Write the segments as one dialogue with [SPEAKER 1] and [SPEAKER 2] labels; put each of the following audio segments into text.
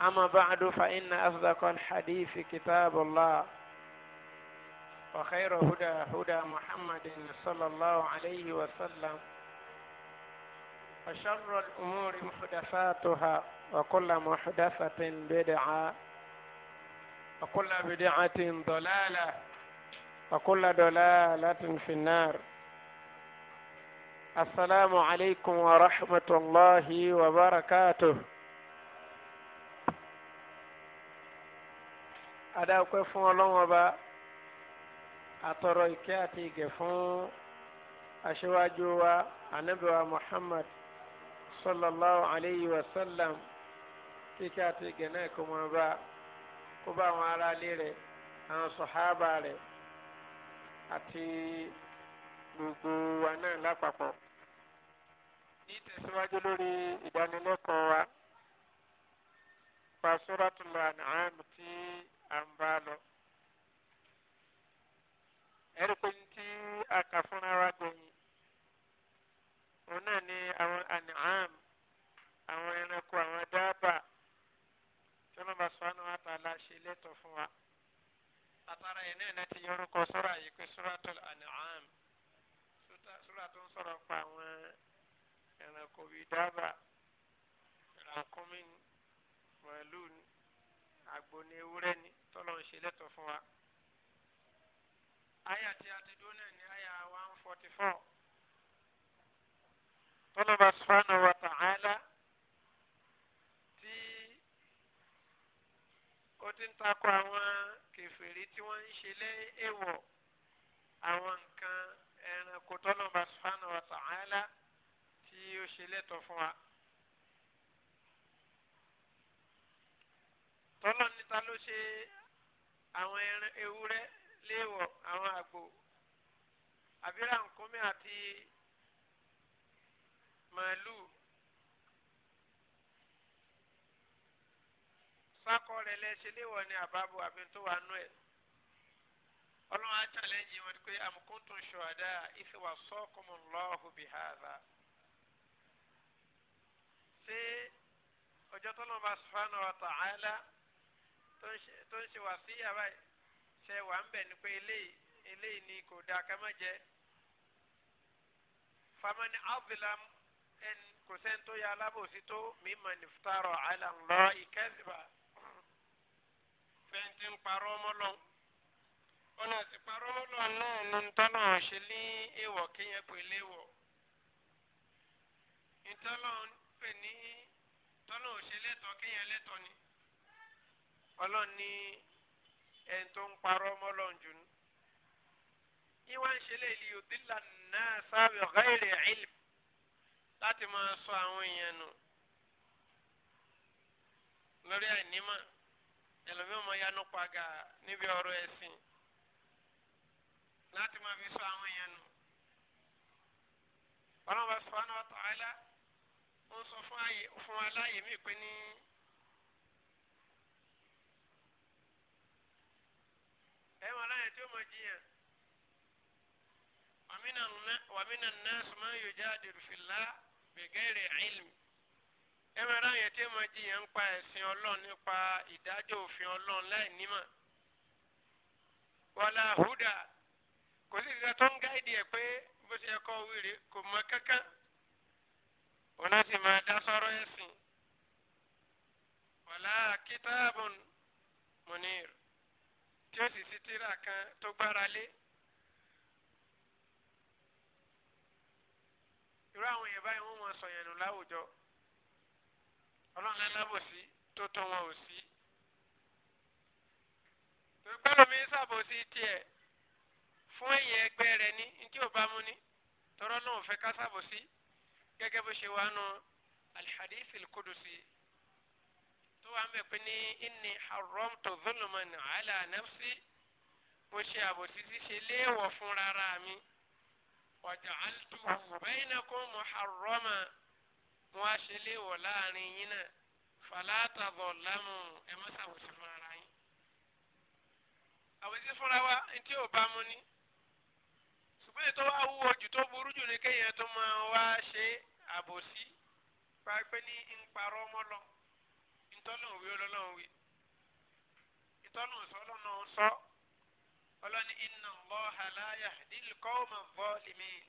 [SPEAKER 1] أما بعد فإن أصدق الحديث كتاب الله وخير هدى هدى محمد صلى الله عليه وسلم وشر الأمور محدثاتها وكل محدثة بدعة وكل بدعة ضلالة وكل ضلالة في النار السلام عليكم ورحمة الله وبركاته adáwọ̀pẹ́ fún ọlọ́wọ́n ọba atọrọ ìkẹ́ àti ìgẹ̀ fún aṣíwájú wa ànábì Muhammad sallallahu alayhi wa sallam kíkẹ́ àti ìgẹ̀ náà kò mọ̀ bá kó bá àwọn aráalé rẹ̀ àwọn sọ̀hábà rẹ̀ àti gbogbo wa náà lápapọ̀. ní tẹ̀síwájú lórí ìdánilẹ́kọ̀ọ́ wa fa Suratul An'am tí. Ambalo, ń bá lọ. ẹ̀rí pé tí a kà fúnra wa gbẹ̀yìn òun náà ni àwọn àníhàn àwọn ẹranko àwọn dábà tí wọ́n bá sọ ọ́nà wa ta la ṣe lẹ́tọ̀ọ́ fún wa. àtàrà yìí náà láti yọrùkọ sọ́ra yìí pé suratul àníhàn sura ń sọ̀rọ̀ pa àwọn ẹranko bíi dábà ràkúnmí màálù ni àgbo ní ewúrẹ́ ni tọ́lọ́ ń ṣe lẹ́tọ̀ fún wa. àyà tí a ti dúró náà ní àyà one forty four.
[SPEAKER 2] tọ́lọ́ba subhanahu wa ta'ala
[SPEAKER 1] tí ó ti ń takò àwọn kèfèrí tí wọ́n ń ṣe léèwọ̀ àwọn nǹkan ẹranko tọ́lọ́ba subhanahu wa ta'ala tí ó ṣe lẹ́tọ̀ fún wa. ọlọ́run níta ló ṣe àwọn ewúrẹ́ léèwọ̀ àwọn àgbò àbíra nkúmi àti màálù sákọ rẹ lẹsẹ léèwọ̀ ni àbábọ̀ àbí tó wà nú ẹ̀ ọlọ́run á challenge wọn pé am kuntum shuhada idh wasakumullahu bihadha ṣé ọjọ́ tó lọ́ba subhanahu wa ta'ala tó ń ṣe wà sí yàrá ṣe wà ń bẹ̀ ni pé eléyìí eléyìí ni kò dáa ká má jẹ famani avilam ẹni kò sẹ́ni tó yà alábòsí tó mímọ nìfutárọ̀ àlàlọ́ ìkẹ́sìbà fẹ́ntì ń parọ́ mọ́lọ́ ọ̀nà àti parọ́ mọ́lọ́ náà ló ń ṣe ní èèwọ̀ kéèyàn pè léèwọ̀ ìtọ́nà pè ní tọ́nà òṣèlétọ̀ kéèyàn lẹ́tọ̀ ni ọlọ́run ní ẹni tó ń parọ́ mọ́ ọlọ́run jù ní. ìwà ń ṣe léyìí yudilla nasa bi ghairi ilm láti máa sọ àwọn èèyàn nù lórí àìnímọ̀ ẹlòmíràn máa yanu paga níbi ọ̀rọ̀ ẹ̀sìn láti máa fi sọ àwọn èèyàn nù. ọlọ́run bá sọ wọn náà tọ́ ẹ lá wọ́n sọ fún aláyè pé ní. tí ó máa jiyàn. wàmínà nọ́ọ̀sì máa ń yọjá àdèrúfìlà bẹ̀gẹ́rẹ̀ ilmi. ẹ máa ráyè tí ó máa jiyàn ń pa ẹ̀sìn ọlọ́run nípa ìdájọ́ òfin ọlọ́run láì nímọ̀. wàlà húdà kò sí ìdíjà tó ń gáìdì ẹ̀ pé bó ti kọ́ wíìrì kò mọ kankan.
[SPEAKER 2] wọn á sì máa dá sọ́rọ́ ẹ̀sìn.
[SPEAKER 1] wàlà kìtàbùn munir tí ó sì sí tírà kan tó gbára lé. irú àwọn yẹn báyìí wọ́n mọ sọ̀yàn nù láwùjọ ọlọ́run alábòsí tó tán wọn ò sí. tòkpẹ́rù mi ṣàbòsí tiẹ̀ fún ẹ̀yìn ẹgbẹ́ rẹ̀ ní ntí ò bá mú ní tọ́rọ́ náà ò fẹ́ ká ṣàbòsí gẹ́gẹ́ bó ṣe wà nù alhadith al-kudusi wà ń bẹ̀ pé ní inni haramtu zulman ala nafsi mo ṣe àbòsí ṣíṣe léèwọ̀ fún rárá mi wa ja'altuhu bainakum muharrama mo á ṣe léèwọ̀ láàrin yín náà fala tadhallamu ẹ má ṣàbòsí fún rárá yín. àbòsí fúnra wa tí ò bá mú ni ṣùgbọ́n ètò wa wúwo jù tó burú jù ní kéèyàn tó máa wá ṣe àbòsí pàápẹ́ ní ń parọ́ mọ́ lọ ìtọ́lọ́hún wí ọlọ́lọ́hún wí ìtọ́lọ́hún sọ ọlọ́lọ́hún sọ ọlọ́ni inna Allaha la yahdil qawma zalimin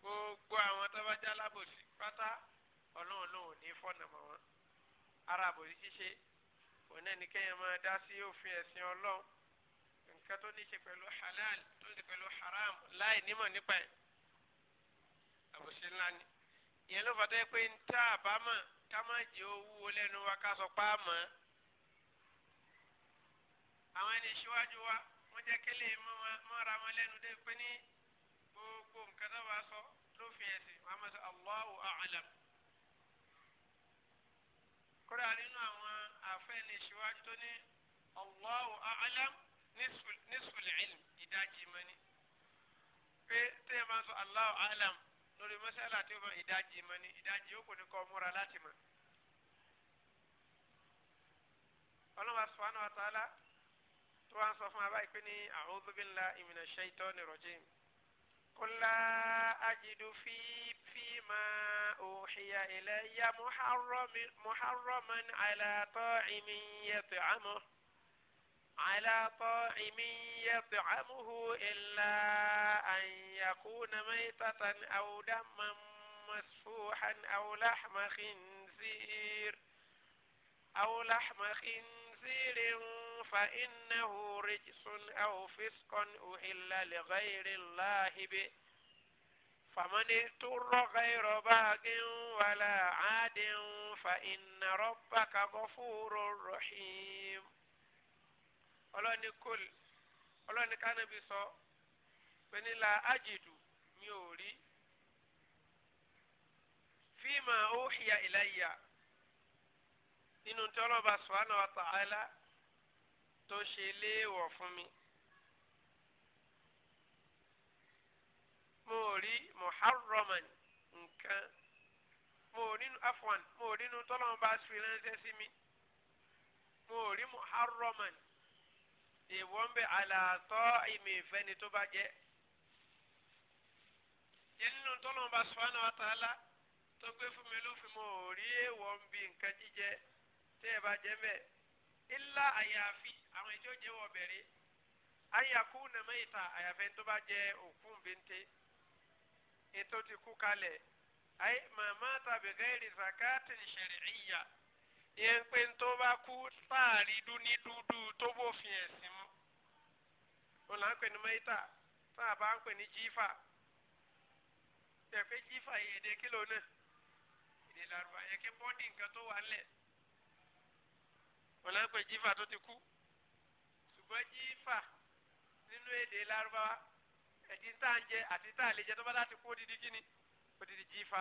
[SPEAKER 1] gbogbo àwọn tó bá já lábòsí pátá ọlọ́run lòun ní fọ́nà mọ́ wọn ara àbòsí ṣíṣe òun náà ní máa dá sí òfin ẹ̀sìn ọlọ́run nǹkan tó ní ṣe pẹ̀lú halal tó ní pẹ̀lú haram láì nímọ̀ nípa ẹ̀ àbòsí ńlá ni ìyẹn ló fàtẹ́ pé ń tá àbámọ̀ ká má jẹ́ owó lẹ́nu wa ká sọ pé a mọ̀ àwọn ẹni ṣíwájú wa wọ́n jẹ́ kélé mọ́ra wọn lẹ́nu dé pé ní gbogbo nǹkan tó bá sọ lófin ẹ̀sìn wọn á máa sọ Allahu a'lam kódà nínú àwọn àfẹ́ni ṣíwájú tó ní Allahu a'lam nisful ilm ìdajì mọ́ni pé tẹ́yẹ̀ máa sọ Allahu a'lam lórí mọ́sálà tí ó mọ ìdajì mọ ni ìdajì yóò kò ní kọ́ múra láti mọ. ọlọ́wà subhanahu wa tó wá ń sọ fún abáyé pé ní a'udhu billahi minash shaitani rajim. qul la ajidu fi fi ma uhiya ilayya muharraman ala ta'imin yat'amuhu. على طاعم يطعمه إلا أن يكون ميتة أو دما مسفوحا أو لحم خنزير
[SPEAKER 2] أو لحم
[SPEAKER 1] خنزير فإنه رجس أو فسق أهل لغير الله به فمن اضطر غير باغ ولا عاد فإن ربك غفور رحيم ọlọ́ni kol ọlọ́ni kánábì sọ pé nílà ájìdù mi ò rí fíìmà óhìyà ìlàyà nínú tí ọlọ́ba sùhánà wa ta'ala tó ṣe léèwọ̀ fún mi. mo rí muharraman nǹkan mo rí afwan mo rí nu tọ́lọ́mọba sùn ránṣẹ́ sí mi mo rí muharraman èèwọ̀ ń bẹ àlàtọ́ ìmì ìfẹ́ni tó bá jẹ́ nínú tọ́lọ́mọba subhanahu wa ta'ala tó gbé fún mi lófin mo ò rí èèwọ̀ ń bi nǹkan jíjẹ tẹ́ ẹ bá jẹ́ mẹ́ ilá àyàfi àwọn ìjọ jẹ́ wọ̀ bẹ̀rẹ̀ ayakú nàmẹ́ ìta àyàfẹ́ tó bá jẹ́ òkú bẹ́ńtẹ́ ètò ti kú kalẹ̀ ayé màmá tàbí gẹ́rì zakati ṣẹ̀rẹ̀ ìyá yẹn pé tó bá kú táàrí dúní dúdú tó bófin ẹ̀sìn òun là ń pè ní mẹ́ta tá a bá ń pè ní jífà tẹ̀ pé jífà yìí èdè kílò náà èdè làrúbá yẹ kí bọ́dì nǹkan tó wà lẹ̀ òun là ń pè jífà tó ti kú ṣùgbọ́n jífà nínú èdè làrúbá ẹ̀dín tá à ń jẹ àti tá à lè jẹ tó bá láti kú odidi kíni odidi jífà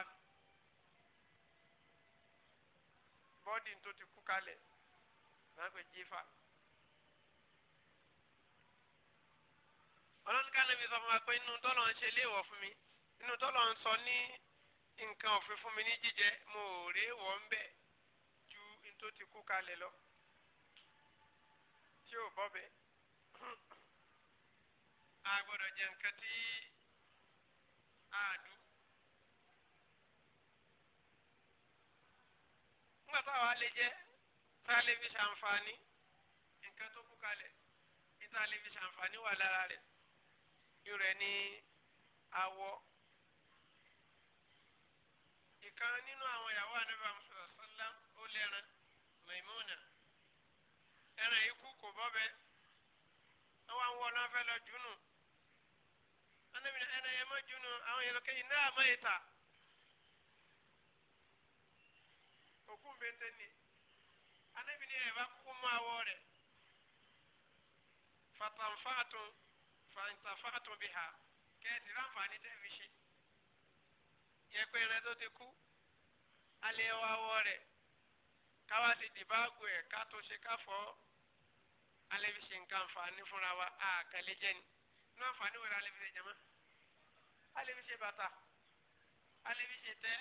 [SPEAKER 1] bọ́dì tó ti kú kalẹ̀ òun là ń pè jífà. ọlọ́run ká nàbí sọ fún wa pé inú tọ́lọ̀ ń ṣe léèwọ̀ fún mi inú tọ́lọ̀ ń sọ ní nǹkan ọ̀fìn fún mi ní jíjẹ mo ò rè wọ̀ ń bẹ̀ ju tó ti kú kalẹ̀ lọ tí ò bọ́ bẹ́ẹ̀ a gbọ́dọ̀ jẹ nǹkan tí a dùn. nígbà táwa lè jẹ tá nǹkan tó kú kalẹ̀ ní tá wà lára rẹ̀ ojú rẹ̀ ní awọ. ìkan nínú àwọn ìyàwó anábà mùsùlùmí ó lẹ́ran Maimuna ẹran ikú kò bọ́bẹ̀ wọ́n wá ń wọ́ náà fẹ́ lọ jùnú anabi na ẹnna yẹn mọ junu àwọn yẹn lọkẹ yìí náà mọ yìí ta òkú mbẹntẹ ni anabi ni ẹ bá kú mọ awọ rẹ fatanfaatun fàǹtàfàtò bí ha kẹ́ẹ̀tì ráǹfààní tẹ́ fi ṣe
[SPEAKER 2] yẹpẹ rẹ tó ti
[SPEAKER 1] kú alẹ́ wa wọ rẹ̀ káwa ti dìbàgò ẹ̀ ká tó ṣe ká fọ́ alẹ́ fi ṣe nǹkan àǹfààní fúnra wa àkàlẹ́ jẹ́ ni inú àǹfààní wẹ̀rẹ̀ alẹ́ fi ṣe jẹ́mọ́ alẹ́ fi ṣe bàtà alẹ́ fi ṣe tẹ́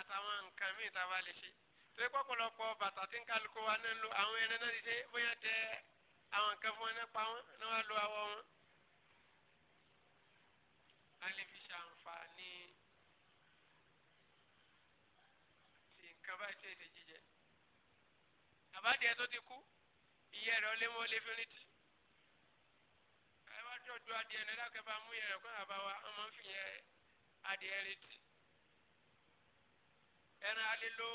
[SPEAKER 1] àtàwọn nǹkan míì tá a bá lè ṣe torí pọ̀pọ̀lọpọ̀ bàtà tí ń kálukú wa náà ń lo àwọn ẹran náà ti ṣe bóyá tẹ́
[SPEAKER 2] àwọn nǹkan fún wọn nípa wọn ní wọn lo awọ wọn.
[SPEAKER 1] a lè fi ṣàǹfààní tí nǹkan bá ti èdè jíjẹ. àbádìẹ tó ti kú iye rẹ ọlẹ́mọ lè fi rìn tì. ẹ wá tọ́jú adìẹ náà dákẹ́ bá mú iye rẹ kó àbá wa ọmọ ń fi yẹ adìẹ rìn tì. ẹran alẹ́ ló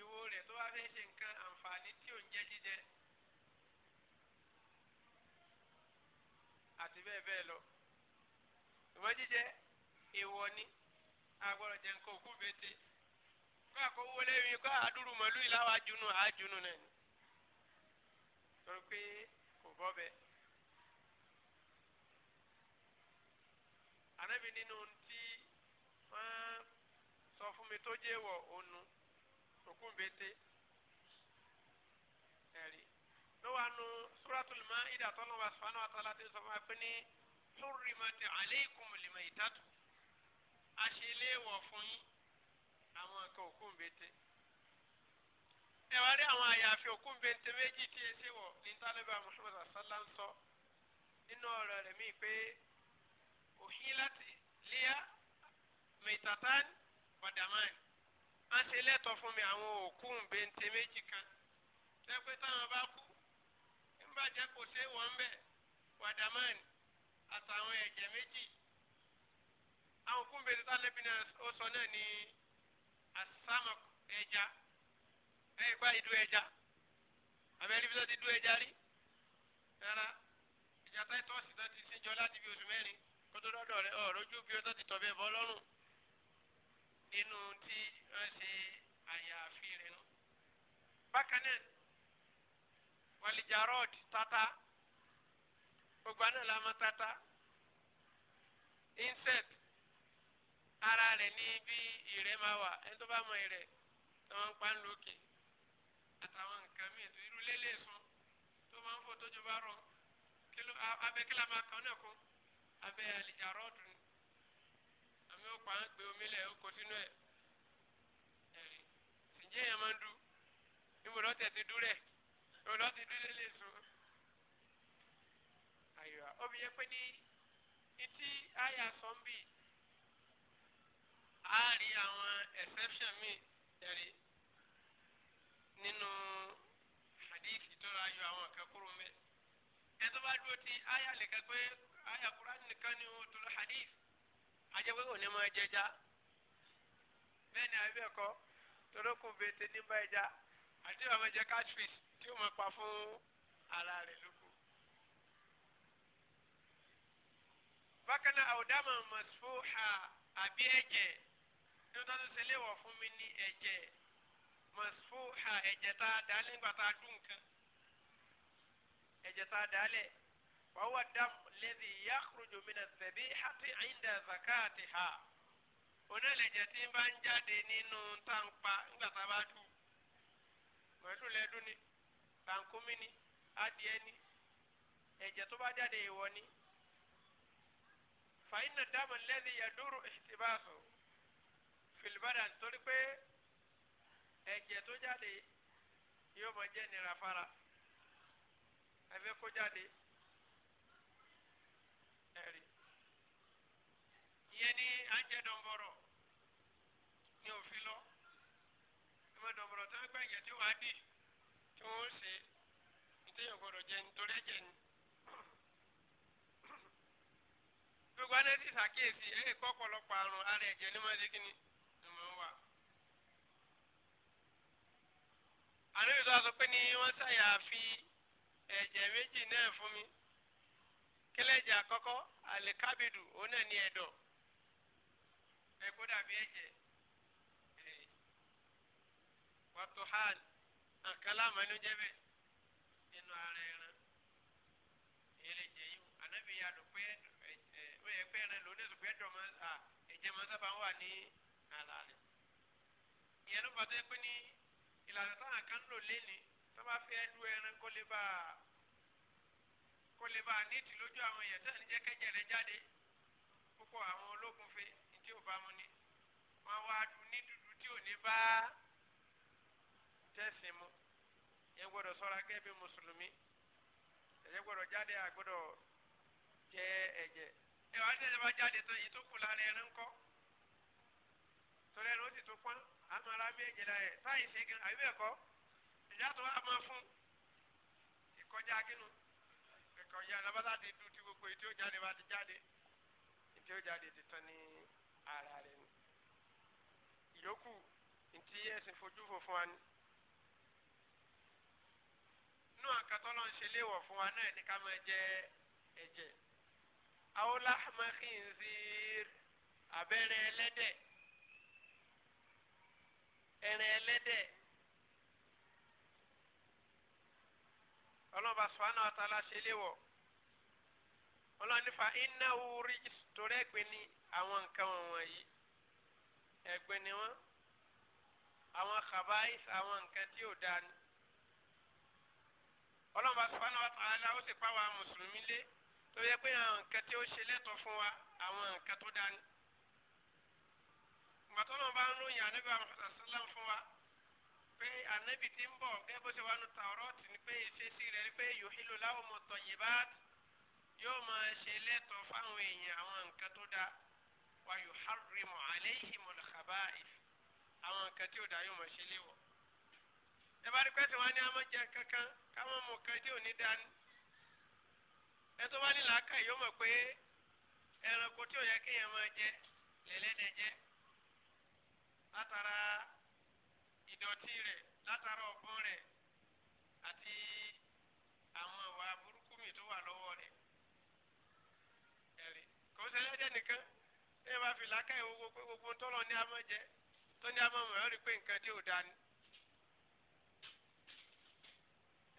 [SPEAKER 1] ìwo rẹ̀ tó wá fẹ́ ṣe nǹkan àǹfààní tí ò ń jẹ́ jíjẹ. àti bẹ́ẹ̀ bẹ́ẹ̀ lọ. ìwọ jíjẹ ìwọ ni agbọ́dọ̀ jẹ nǹkan òkú bete kó àkówó lẹ́yìn kó àdúrú mọ̀lú ìlàwọ̀ àjùnú àjùnú náà ni. torí pé kò bọ́ bẹ́ẹ̀. ànábì nínú tí wọ́n sọ fún mi tó jẹ́ wọ̀ ònu òkú bete lọ́wọ́ nu suratul Maida tọ́lọ́ wa sọ́nà wa tọ́lá ti sọ fún wa pé ní hurrimat alaykum limaytatu a ṣe léèwọ̀ fún yín àwọn nǹkan òkú ń bete ẹ wá rí àwọn àyàfi òkú ń bete méjì tí èsì wọ̀ ní tálíbà Muhammad asálá ń sọ nínú ọ̀rọ̀ rẹ̀ mí pé òhìlát liya maytatan wa daman mi àwọn òkú bete méjì kan lẹ́pẹ́ táwọn bá kú bàjẹ́ kò ṣe wọ́n bẹ̀ wàdàmánì àtàwọn ẹ̀jẹ̀ méjì àwọn òkú mbèrè tá lẹ́bìnrin ó sọ náà ní asámọ̀ ẹja ẹ̀yìn pa ìdú ẹja abẹ́rẹ́ bí wọ́n ti dú ẹja rí rárá ìjà táìtọ́sì tó ti ṣèjọ láti bí oṣù mẹ́rin kótó lọ́dọ̀ rẹ ọ̀rọ̀ ojú bí wọ́n ti tọ̀bẹ̀ bọ́ lọ́rùn nínú tí wọ́n ṣe àyàfi rẹ̀ nù. bákan náà walijarod tata gbogbo àná la mọ̀ tata insect
[SPEAKER 2] ara rẹ̀ ní bí ìrẹ́ máa wà
[SPEAKER 1] ẹni tó bá mọ̀ ìrẹ́ tó máa ń pa ń lókè àtàwọn nǹkan míì tó irú lélẹ̀ sùn tó máa ń fò tójú bá rọ abẹ kí máa kàn náà abẹ àlìjàrọ́ọ̀dù ni àmì ó pa ń gbé omi lẹ̀ ó kó sínú ẹ̀ ẹ̀rí ǹjẹ́ yẹn máa ń du ibùdó ti dúró ọ̀nà ti dúró lé so. àyùwá omi yẹ pé ní etí àyà sọ́ńbì á rí àwọn exception mi jẹ̀rí nínú hadith tó ayọ àwọn kan kúrò mẹ́. ẹ tó bá dúró ti àyà lè kẹ́ pé àyà Kùránì nìkan ni ó tó lọ hadith ajẹ́ pé kò ní máa jẹja bẹ́ẹ̀ ni àbí ẹ̀kọ́ torókùn bètè ní bá ẹja àti bàbá jẹ catfish tí ó máa pa fún ara rẹ̀ lóko. bákan náà àwòdámà mọ̀sífòhà àbí ẹ̀jẹ̀ tí ó tọ́jú sílé wọ̀ fún mi ní ẹ̀jẹ̀ mọ̀sífòhà ẹ̀jẹ̀ tá a dá nígbà tá a dún nǹkan ẹ̀jẹ̀ tá a dá lẹ̀ wàá wà dám lẹ́dí yàkùrùjù mi nà hàtí àyíǹda zakati ha onílẹ̀jẹ̀ tí ń bá ń jáde nínú táǹpa nígbà bá dùn màdùn lẹ́dún ni kànkúmí ni adìẹ ni ẹ̀jẹ̀ tó bá jáde ìwọ ni fàyínà dáàmú lẹ́dí yàdúró ìtìbáàsó fìlìbàdàn torí pé ẹ̀jẹ̀ tó jáde yóò máa jẹ́ nira fara ẹ̀fẹ́ kó jáde ẹ̀rí ìyẹn ní àjẹ dọ̀nbọ̀rọ̀ ní òfin lọ ẹ̀mọ́ dọ̀nbọ̀rọ̀ tó ń gbẹ̀yẹ̀ tí wàá dì í tí wọ́n ṣe nítorí ọ̀gbọ́dọ̀ jẹ nítorí ẹ̀jẹ̀ ni. gbogbo anẹ́tì ṣàkíyèsí ẹ̀ kọ́ ọ̀pọ̀lọpọ̀ àrùn ara ẹ̀jẹ̀ ní máa ṣe kí ni ló máa ń wà. àníbi tó a sọ pé ni wọ́n ṣàyàfi ẹ̀jẹ̀ méjì náà fún mi kílẹ̀jẹ̀ àkọ́kọ́ àlìkábìdù òun náà ní ẹ̀dọ̀ ẹ̀kọ́ dàbí ẹ̀jẹ̀ wàtò hàn àkàlámà ló jẹ́ bẹ́ẹ̀ nínú ara ẹran èyí lè jẹ yìí ànábì yà ló pé ẹ ó yẹ pé ẹran lòún lẹsùn pé ẹdọ máa à ẹ̀jẹ̀ máa sábà wà ní àlà rẹ ìyẹn ló fàtẹ́ pé ní
[SPEAKER 2] ìlànà táwọn kan lò lẹ́ni
[SPEAKER 1] tó bá fẹ́ lu ẹran kó lè bá kó lè bá níìtì lójú àwọn èèyàn tó ń jẹ́ kẹ́jẹ̀ rẹ jáde púpọ̀ àwọn ológun fẹ́ ní tí ò bá mu ni wọ́n wá dùn ní dúdú tí ò ní bá tẹ́sìn mu yẹn gbọ́dọ̀ ṣọ́ra gẹ́gẹ́ bí mùsùlùmí ẹ̀jẹ̀ gbọ́dọ̀ jáde àgbọ́dọ̀ jẹ ẹ̀jẹ̀ ẹ wàá tẹ̀lé bá jáde tán yìí tó kù lára ẹran kọ́ torí ẹran ó sì tó pọ́n àmọ́ ara mi ẹ̀jẹ̀ la yẹ táyì ṣe gan àbí ẹ̀kọ́ ìjà tó wà máa fún ìkọjá kínú ìkọjá alábàtà ti dùn ti gbogbo ètò ìjáde bá ti jáde ètò ìjáde ti tán ní ara rẹ̀ ni ìyókù ntí ẹ̀sìn fojú fò fún wa ni inú àkàtọ́lọ́ ń ṣe léwọ̀ fún wa náà ní ká máa jẹ ẹ̀jẹ̀ aw lahma khinzir abẹ́rẹ́ ẹlẹ́dẹ̀ ẹ̀rẹ̀ ẹlẹ́dẹ̀ ọlọ́ba sùfàánà ọ̀tàlá ṣe léwọ̀ ọlọ́ni fa iná orí torí ẹ̀gbẹ́ ni àwọn nǹkan wọ̀nyí ẹ̀gbẹ́ ni wọ́n àwọn kàbáyìs àwọn nǹkan tí ò dáa ni ọlọ́run bá sọ́nà wa tààlà ó sì pa wa mùsùlùmí lé tó yẹ pé àwọn nǹkan tí ó ṣe lẹ́tọ̀ọ́ fún wa àwọn nǹkan tó dání. ìgbà tó lọ́n bá ń ròyìn ànábì wa Muhammad sallam fún wa pé ànábì ti ń bọ̀ gẹ́gẹ́ bó ṣe wà nù Tàórátì ni pé ìṣesí rẹ̀ ni pé yuhillu lahumu tayyibat yóò máa ṣe lẹ́tọ̀ọ́ fáwọn èèyàn àwọn nǹkan tó dáa wa yuharrimu alayhimul khaba'ith àwọn nǹkan tí ó dáa yóò máa ṣe léwọ̀ ẹ̀bá rí pẹ́sẹ̀ wọn ni a máa jẹ kankan ká máa mọ̀ kan tí ò ní dání ẹ tó bá ní làákà yóò mọ̀ pé ẹranko tí ò yẹ kéèyàn máa jẹ lẹ́lẹ́dẹ̀ jẹ látara ìdọ̀tí rẹ̀ látara ọ̀gbọ́n rẹ̀ àti àwọn ìwà burúkú mi tó wà lọ́wọ́ rẹ̀ ẹ̀rí kò sẹ́lẹ́dẹ̀ nìkan
[SPEAKER 2] ẹ bá fi làákà
[SPEAKER 1] gbogbo gbogbo ńtọ́lọ́ ní a tó ní a máa mọ̀ rí pé nǹkan tí ò dání.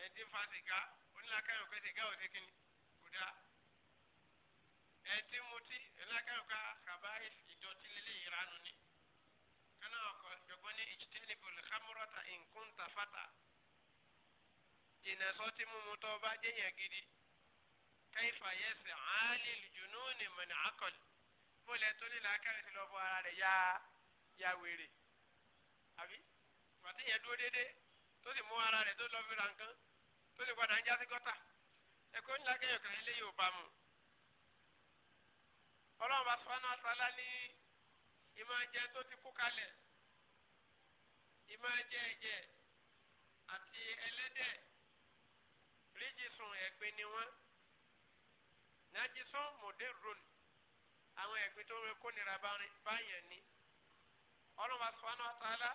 [SPEAKER 1] ẹni tí ń fa sìgá onílàkàyọ̀ pé sìgá ò sí kíni kò dáa ẹni mutí onílàkàyọ̀ ká kàbá ìdọ̀tí lélẹ̀ ìranu ni kánà ọkọ̀ jọ̀gbọ́n ní ìjìtẹ́nibọ̀lì hamurata ìǹkúntà fata jìnnà sọ́tí mímu tó bá jẹ́yàn gidi kẹ́yìfà yẹsẹ̀ áálí lùjùnú ni mọ̀nà àkọlù mọ̀lẹ́ tó ní làákàyọ̀ ti lọ́ fọ ara rẹ̀ yá yá wèrè àbí pàtẹ́yẹ dúró déédéé tó sì mú ara rẹ̀ tó lọ fi ra nǹkan tó sì padà ń já sí gọ́tà ẹ̀kọ́ ńlá kẹyọ̀ kan ilé yóò bá mu. ọlọ́run bá sọ́nà sálá ní ìmọ̀ ẹ̀jẹ̀ tó ti kú kalẹ̀ ìmọ̀ ẹ̀jẹ̀ ẹ̀jẹ̀ àti ẹlẹ́dẹ̀ ríjìsùn ẹ̀gbin ni wọ́n nájísùn mòdèrún àwọn ẹ̀gbin tó rẹ kó nira báyẹn ni ọlọ́run bá sọ́nà sálá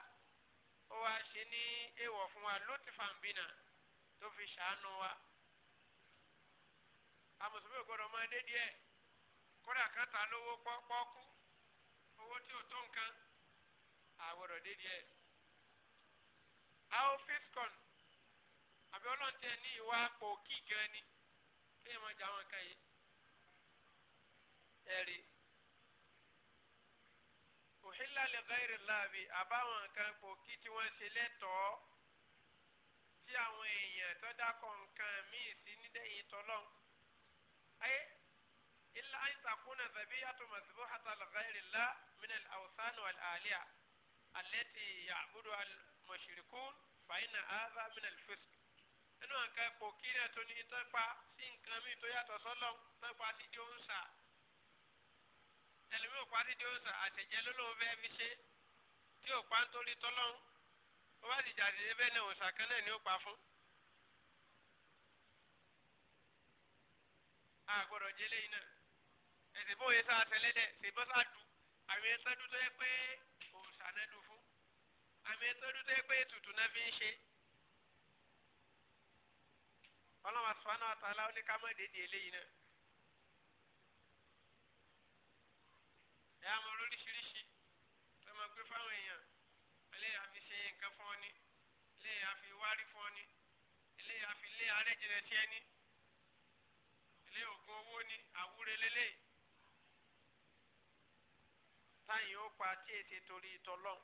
[SPEAKER 1] ó wá ṣe ní èèwọ̀ fún wa lótìfàn bínà tó fi ṣàánú wa amùsùlùmí ògbọ́dọ̀ máa dé díẹ̀ kódà kan ta lówó pọ́ọ́kú owó tí ò tó nǹkan àwọ̀rọ̀ dé díẹ̀ àwọn fiscon àbí ọlọ́ntẹ ní ìwà pòkì gan ni kí ẹ máa jà wọn kàn yìí ẹ̀rí òhìlá lè gáírì láàbì àbáwọn nǹkan pò kí tí wọ́n ṣe lẹ́tọ̀ọ́ tí àwọn èèyàn tó dákọ̀ nǹkan míì sí nídẹ̀yìn tọ́lọ́ ayé ilá àìsàkúnà tàbí yàtọ̀ màsíbò hàtàlà gáírì lá minal awsan wal aliya alẹ́tì yàgbúdọ̀ mọ̀ṣirikún fàyínà áza minal fisk nínú nǹkan pò kí náà tó ní tọ́pa sí nǹkan míì tó yàtọ̀ sọ́lọ́ tọ́pa sí di òun sàá ẹlòmí ò parí di òsàn àtẹ̀jẹ́ lólóhùn fẹ́ fi ṣe tí ò pa nítorí tọ́lọ́hún ó bá ti jáde débẹ̀ ní òsàn kan náà ni ó pa fún. a gbọ́dọ̀ jẹ́ lẹ́yìn náà ẹ̀sìn bóun yẹn sáà tẹ́lẹ́dẹ̀ ṣèbọ́ sáà dù àmì ẹ̀sán dúdú yẹ pé òsàn náà dùn fún àmì ẹ̀sán dúdú yẹ pé ètùtù náà fi ń ṣe. ọlọ́run àti fana àtàlà ó ní ká má dédìí eléyìí náà. ẹ̀yà mọ lóríṣiríṣi tó máa gbé fáwọn èèyàn eléyà fi ṣe nǹkan fún ọ ni eléyà fi wárí fún ọ ni eléyà fi lé arẹ́jìnà tí ẹ ní ilé ògùn owó ní àwúre lélẹ̀ táyì ó pa tí èsè torí tọlọ́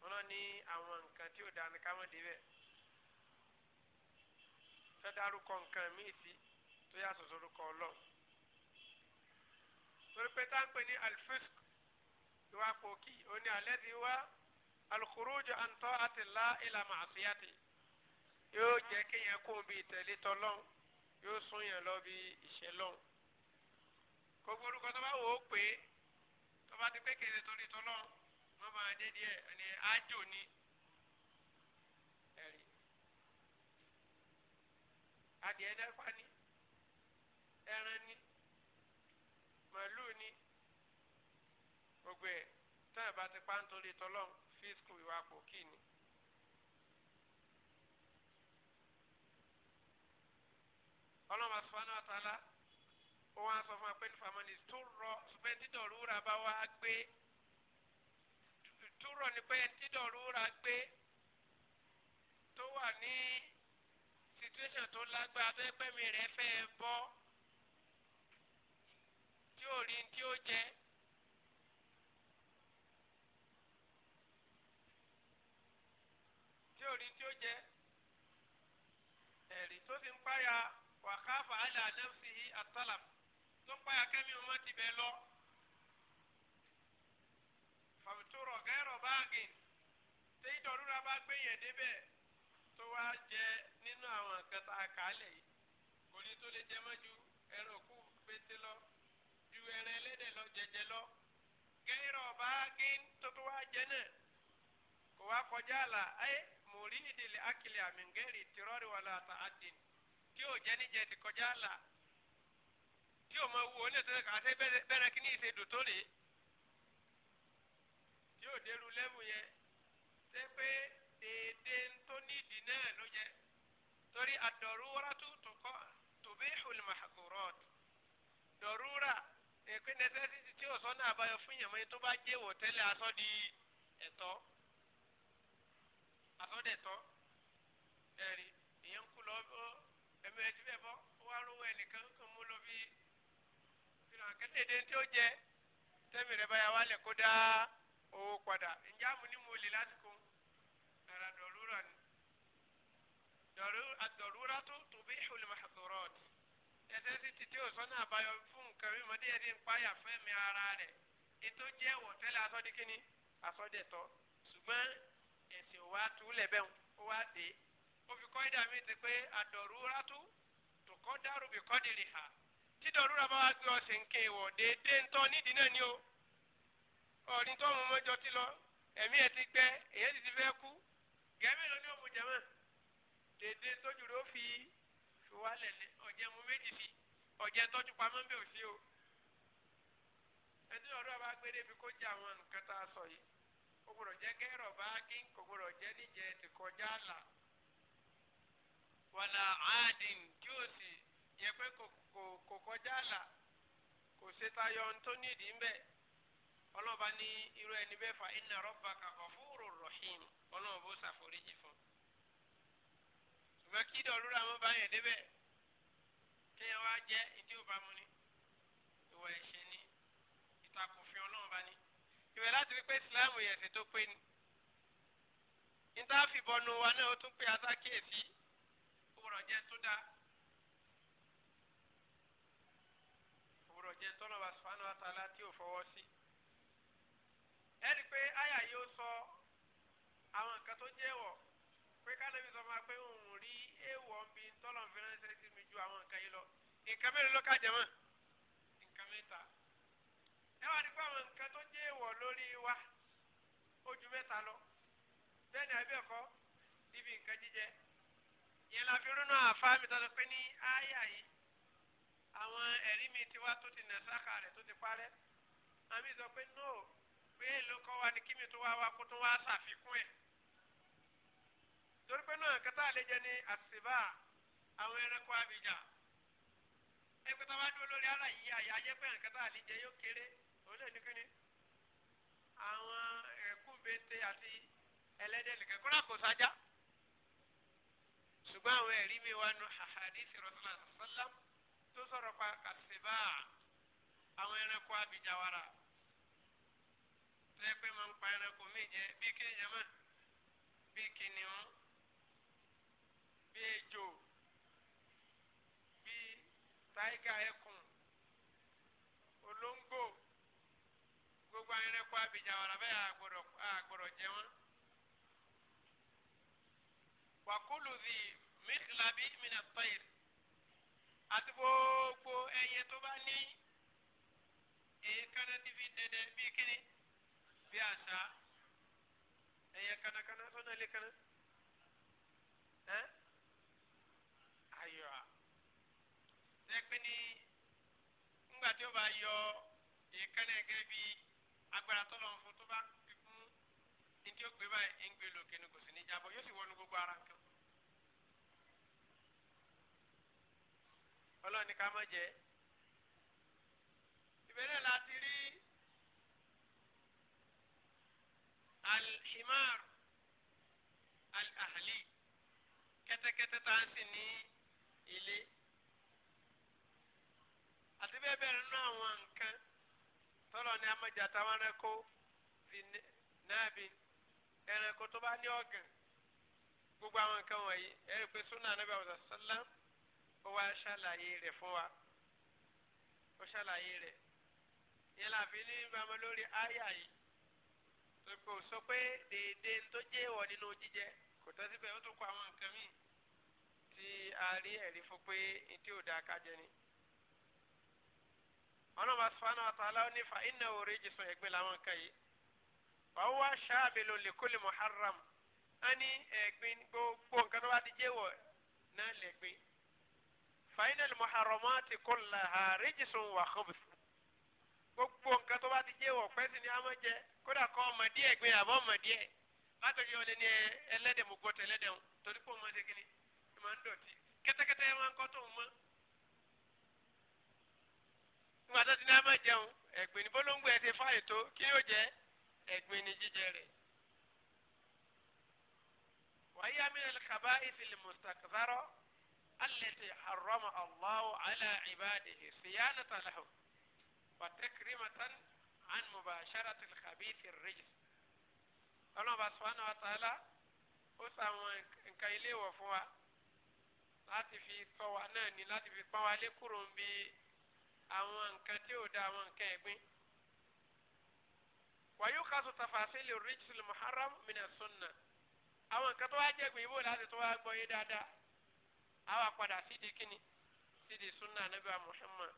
[SPEAKER 1] wọn ní àwọn nǹkan tí ò dáni ká mọ̀ débẹ̀ fẹ́ dárúkọ nǹkan míì sí tó yà sọ̀sọ̀rọ̀ kọ ọlọ́run torí pé táǹpẹ̀ ní alfusk ìwà pòkì òní alẹ́ ti wá alukhuruju an ta'ati Allah ila ma'siyati yóò jẹ́ kéèyàn kó bí ìtẹ̀lé tọ́lọ́n yóò sún yàn lọ bí ìṣẹ̀lọ́n gbogbo orúkọ tó wò ó pé tó bá ti pé kéde torí tọ́lọ́n wọ́n máa dé díẹ̀ ẹni ájò ni. adìẹ náà pa ni ẹran bá ti pa nítorí tọ́lọ́n fíìsìkù ìwà pò kí ni. ọlọ́mọ sọ́nà ọ̀tàlá ó wá sọ fún wa pé ní famani tó rọ ṣùgbọ́n dídọ̀rú ra bá wá gbé tó rọ ni pé dídọ̀rú ra gbé tó wà ní situation tó lágbára tó yẹ pé mi fẹ́ bọ́ tí ò rí tí ó jẹ́. ò rí tí ó jẹ ẹ̀rí tó sì ń páyà wàkàfà àlà nafsihi àtàlàm tó ń páyà kẹ́mi ọmọ ti bẹ̀ lọ. fàbùtúrọ̀ gẹ́rọ̀ báàgìn tí ìdọ̀rúra bá gbé yẹn débẹ̀ tó wá jẹ nínú àwọn nǹkan tá a kà á lẹ̀ yìí kò ní tó lè jẹ mọ́ ju ẹran òkú pété lọ ju ẹran ẹlẹ́dẹ̀ lọ jẹjẹ lọ gẹ́rọ̀ báàgìn tó tó wá jẹ náà kò wá kọjá àlà ayé mùrídì lè akili àmìngẹ́rì tìrọ́rì wà láta àdìn tí yóò jẹ́ níjẹ́ ti kọjá là tí yóò máa wù ó lè tẹ́lẹ̀ kàtẹ́ bẹ́rẹ̀ kí ní ìṣe dùn tó lè tí yóò dérú lẹ́mù yẹn ṣé pé déédé tó nídi náà ló jẹ torí àdọ̀rúwọ́rá tó tó kọ́ tòbí ìhùlùmọ̀ àkùrọ̀t dọ̀rúwọ́rá àsọdẹ̀tọ́ ẹ̀rí ìyẹn ń kú lọ ẹ̀mí ẹtí bẹ́ẹ̀ bọ́ wá lówó ẹnìkan kan mú lọ bí ìlànà kẹ́tẹ́ẹ̀dẹ́ tí ó jẹ tẹ́mi rẹ̀ báyà wálẹ̀ kó dá owó padà ǹjẹ́ àmú ni mo lè lásìkò ẹ̀rọ dọ̀rúrà ni dọ̀rúrà tó tóbi ìhùlẹ̀ màdúrọ̀ ẹsẹ̀ sì ti tí ò sọ́nà àbáyọ fún nǹkan mímọ́ díẹ̀ díẹ̀ ń páyà fẹ́mi ara rẹ̀ ètò jẹ́ wọ̀tẹ́lẹ̀ asọ́dí kínní asọ́dẹ̀tọ́ ṣùgbọ́n wá túlẹ̀ bẹ́ẹ̀ ó wá dé ó fi kọ́ ìdá mi ti pé àdọ̀rúratú tòkọ́ dárò bí kọ́dìrì hà tídọ̀rúra bá wá gbé ọ̀sẹ̀ ń wọ̀ déédéé ń tọ́ nídìí náà ni o
[SPEAKER 2] ọ̀rìn tó mú mọ́jọ ti lọ
[SPEAKER 1] ẹ̀mí ẹ̀ ti gbẹ èyẹ́ ti ti fẹ́ kú gẹ́mí lọ ní òmù jẹ́mọ́ déédéé tójú ló fi fi wálẹ̀ lẹ́ ọ̀jẹ̀ mu méjì sí ọ̀jẹ̀ tọ́jú pamọ́ bẹ́ẹ̀ ò o ẹni ọ̀rọ̀ bá gbé débi kó jẹ́ àwọn nǹkan tá a sọ yìí kò gbọdọ̀ jẹ́ gẹ́rọ̀ bá kí kò gbọdọ̀ jẹ́ níjẹ ti kọjá là wàlà àádìn kí o sì yẹ pé kò kọjá là kò ṣe tayọ tó nídìí mbẹ ọlọ́ba ní irú ẹni bẹ́ẹ̀ fa inna rabbaka ghafurur rahim ọlọ́run bó ṣàforíjì fún ṣùgbọ́n kí dọ̀lúra mọ́ bá yẹn débẹ̀ kéèyàn wá jẹ́ ìdí òbámu ni ìwà ẹ̀ṣẹ̀ ni ìtakùn
[SPEAKER 2] ìwé láti fi pé ìsìláàmù yẹn ti tó pé ni níta fìbọnù wa
[SPEAKER 1] náà ó tún pé asákèésí òwúrọ̀ jẹ́ tó dáa òwúrọ̀ jẹ́ tọ́nà wa sùfánù àtàlà tí ò fọwọ́ sí ẹ̀rí pé àyà yóò sọ àwọn nǹkan tó jẹ́ wọ̀ pé kálíbi sọ ma pé òun rí èèwọ̀ ń bi tọ́lọ̀ ń fi ránṣẹ́ sí mi ju àwọn nǹkan yìí lọ nǹkan mélòó ló ká mọ́ ẹ wá ní fáwọn nǹkan tó jẹ́ èèwọ̀ lórí wa ó ju mẹ́ta lọ bẹ́ẹ̀ ni àbí ẹ̀kọ́ níbi nǹkan jíjẹ yẹn la fi rúnú àfa mi tọ́jú pé ní áyà yìí àwọn ẹ̀rí mi ti wá tó ti nà sáka rẹ̀ tó ti parẹ́ àmì sọ pé no pé èlò kọ́ wa ni kí mi tó wá wá kó tó wá ṣàfikún ẹ̀ torí pé náà kẹta àlejò ni àṣìbá àwọn ẹranko àbíjà ẹgbẹ́ tá a bá dúró lórí ara yìí àyà ayẹ́pẹ́ nǹkan tá a lè jẹ yóò kéré olóòníkíní àwọn ẹ̀kúnbete àti ẹlẹ́dẹ̀ nìkan kó lákòó sájà ṣùgbọ́n àwọn ẹ̀rí mi wà nù àhàdìsí rọ̀sọ́lá sọ́lám tó sọ̀rọ̀ pa kàṣíbà àwọn ẹranko àbíjàwara tó yẹ pé máa ń pa ẹranko mí jẹ kéèyàn mọ̀ kìnìún bí ejò bí táìgà ẹkùn olóńgbò gbogbo ayẹrẹ kó abidjan wọn abẹ́ àgbọ̀dọ̀ àgbọ̀dọ̀ jẹ wọn. wàkúlù vi mìkìlábí mìnà tọ́yìrì àti gbogbo ẹyẹ tó bá ní èyí kánádì fi dẹdẹ bí kíni bí àṣà ẹyẹ kánákáná sọ́nà ilé kaná. ayọ̀ ṣẹ́pẹ́ ní ńgbà tí ó bá yọ èyí kánáà gẹ́gẹ́ bíi agbára tó lọ́n fún tó bá fi fún ní tí ó gbé báyìí ń gbé lókè ni kò sì ní jábọ́ yóò sì wọnú gbogbo ara nǹkan. ọlọ́run ní ká má jẹ́ ìbẹ̀rẹ̀ láti rí alhimar alahli kẹ́tẹ́kẹ́tẹ́ tá à ń sìn ní ilé àti bẹ́ẹ̀ bẹ́ẹ̀ nínú àwọn nǹkan tọ́lọ̀ ní amájà táwọn ẹranko fi náà bí ẹranko tó bá ní ọ̀gàn gbogbo àwọn nǹkan wọ̀nyí ẹ̀rí pé súnà anábì àwọn sàlá ó wá ṣàlàyé rẹ̀ fún wa ó ṣàlàyé rẹ̀ yẹn láfi ní bàmọ́ lórí àyà yìí tó kò sọ pé dèédé tó jẹ́ ìwọ̀ nínú jíjẹ kò tẹ́sí pé ó tún kọ àwọn nǹkan míì tí a rí ẹ̀rí fún pé ní tí ò dáa ká jẹ ni ọlọ́mọ asọ́nà àtàlà ní fa iná orí jésù ẹgbẹ́ làwọn kan yìí wàá wá ṣáàbì ló lè kólé muharram á ní ẹ̀gbin gbogbo nǹkan tó bá ti jẹ́wọ̀ náà lẹ́gbin fa iná lè muharramati kullaha rijsun wà khubuth gbogbo nǹkan tó bá ti jẹ́wọ̀ pẹ́sì ni a máa jẹ kódà kọ́ ọmọ díẹ̀ gbin àbọ̀ ọmọ díẹ̀ látọ̀jú ọ̀lẹ́ ní ẹlẹ́dẹ̀ mọ̀gbọ́tẹ̀ ẹlẹ́dẹ̀ torí pé ọmọ ẹ̀dẹ̀ kìíní máa ń dọ̀tí kẹ́tẹ́kẹ́tẹ́ ẹ̀ máa ń kọ́ tó ń mọ́ nígbà tó ti ní àmọ́ jẹun ẹ̀gbìn ní bólóńgbò ẹ̀ ti fáyè tó kí yóò jẹ ẹ̀gbìn ní jíjẹ rẹ̀. wàyí amínà kaba ìsìlì mùsàkàrọ̀ alẹ́tì àrọ́mà aláwọ̀ alẹ́ ìbáde ìsìyánà tàlàhù wàtẹ́kìrìmọ̀tàn àn mùbàṣárà tìlkàbí tìrìjì. ọlọ́mọba sọ́nà wa tààlà ó sàwọn nǹkan ilé wọ̀ fún wa láti fi tọ́ wa náà ni láti fi pọ́n wa lé kúrò ń bíi àwọn nǹkan tí ò da àwọn nǹkan ẹ̀gbin. wàyú kásù tafasílì rijsil muharram mina sunna àwọn nǹkan tó wá jẹ́gbin ibò láti tó wá gbọ́ yé dáadáa àwa padà sídi kíni sídi sunna anabi muhammad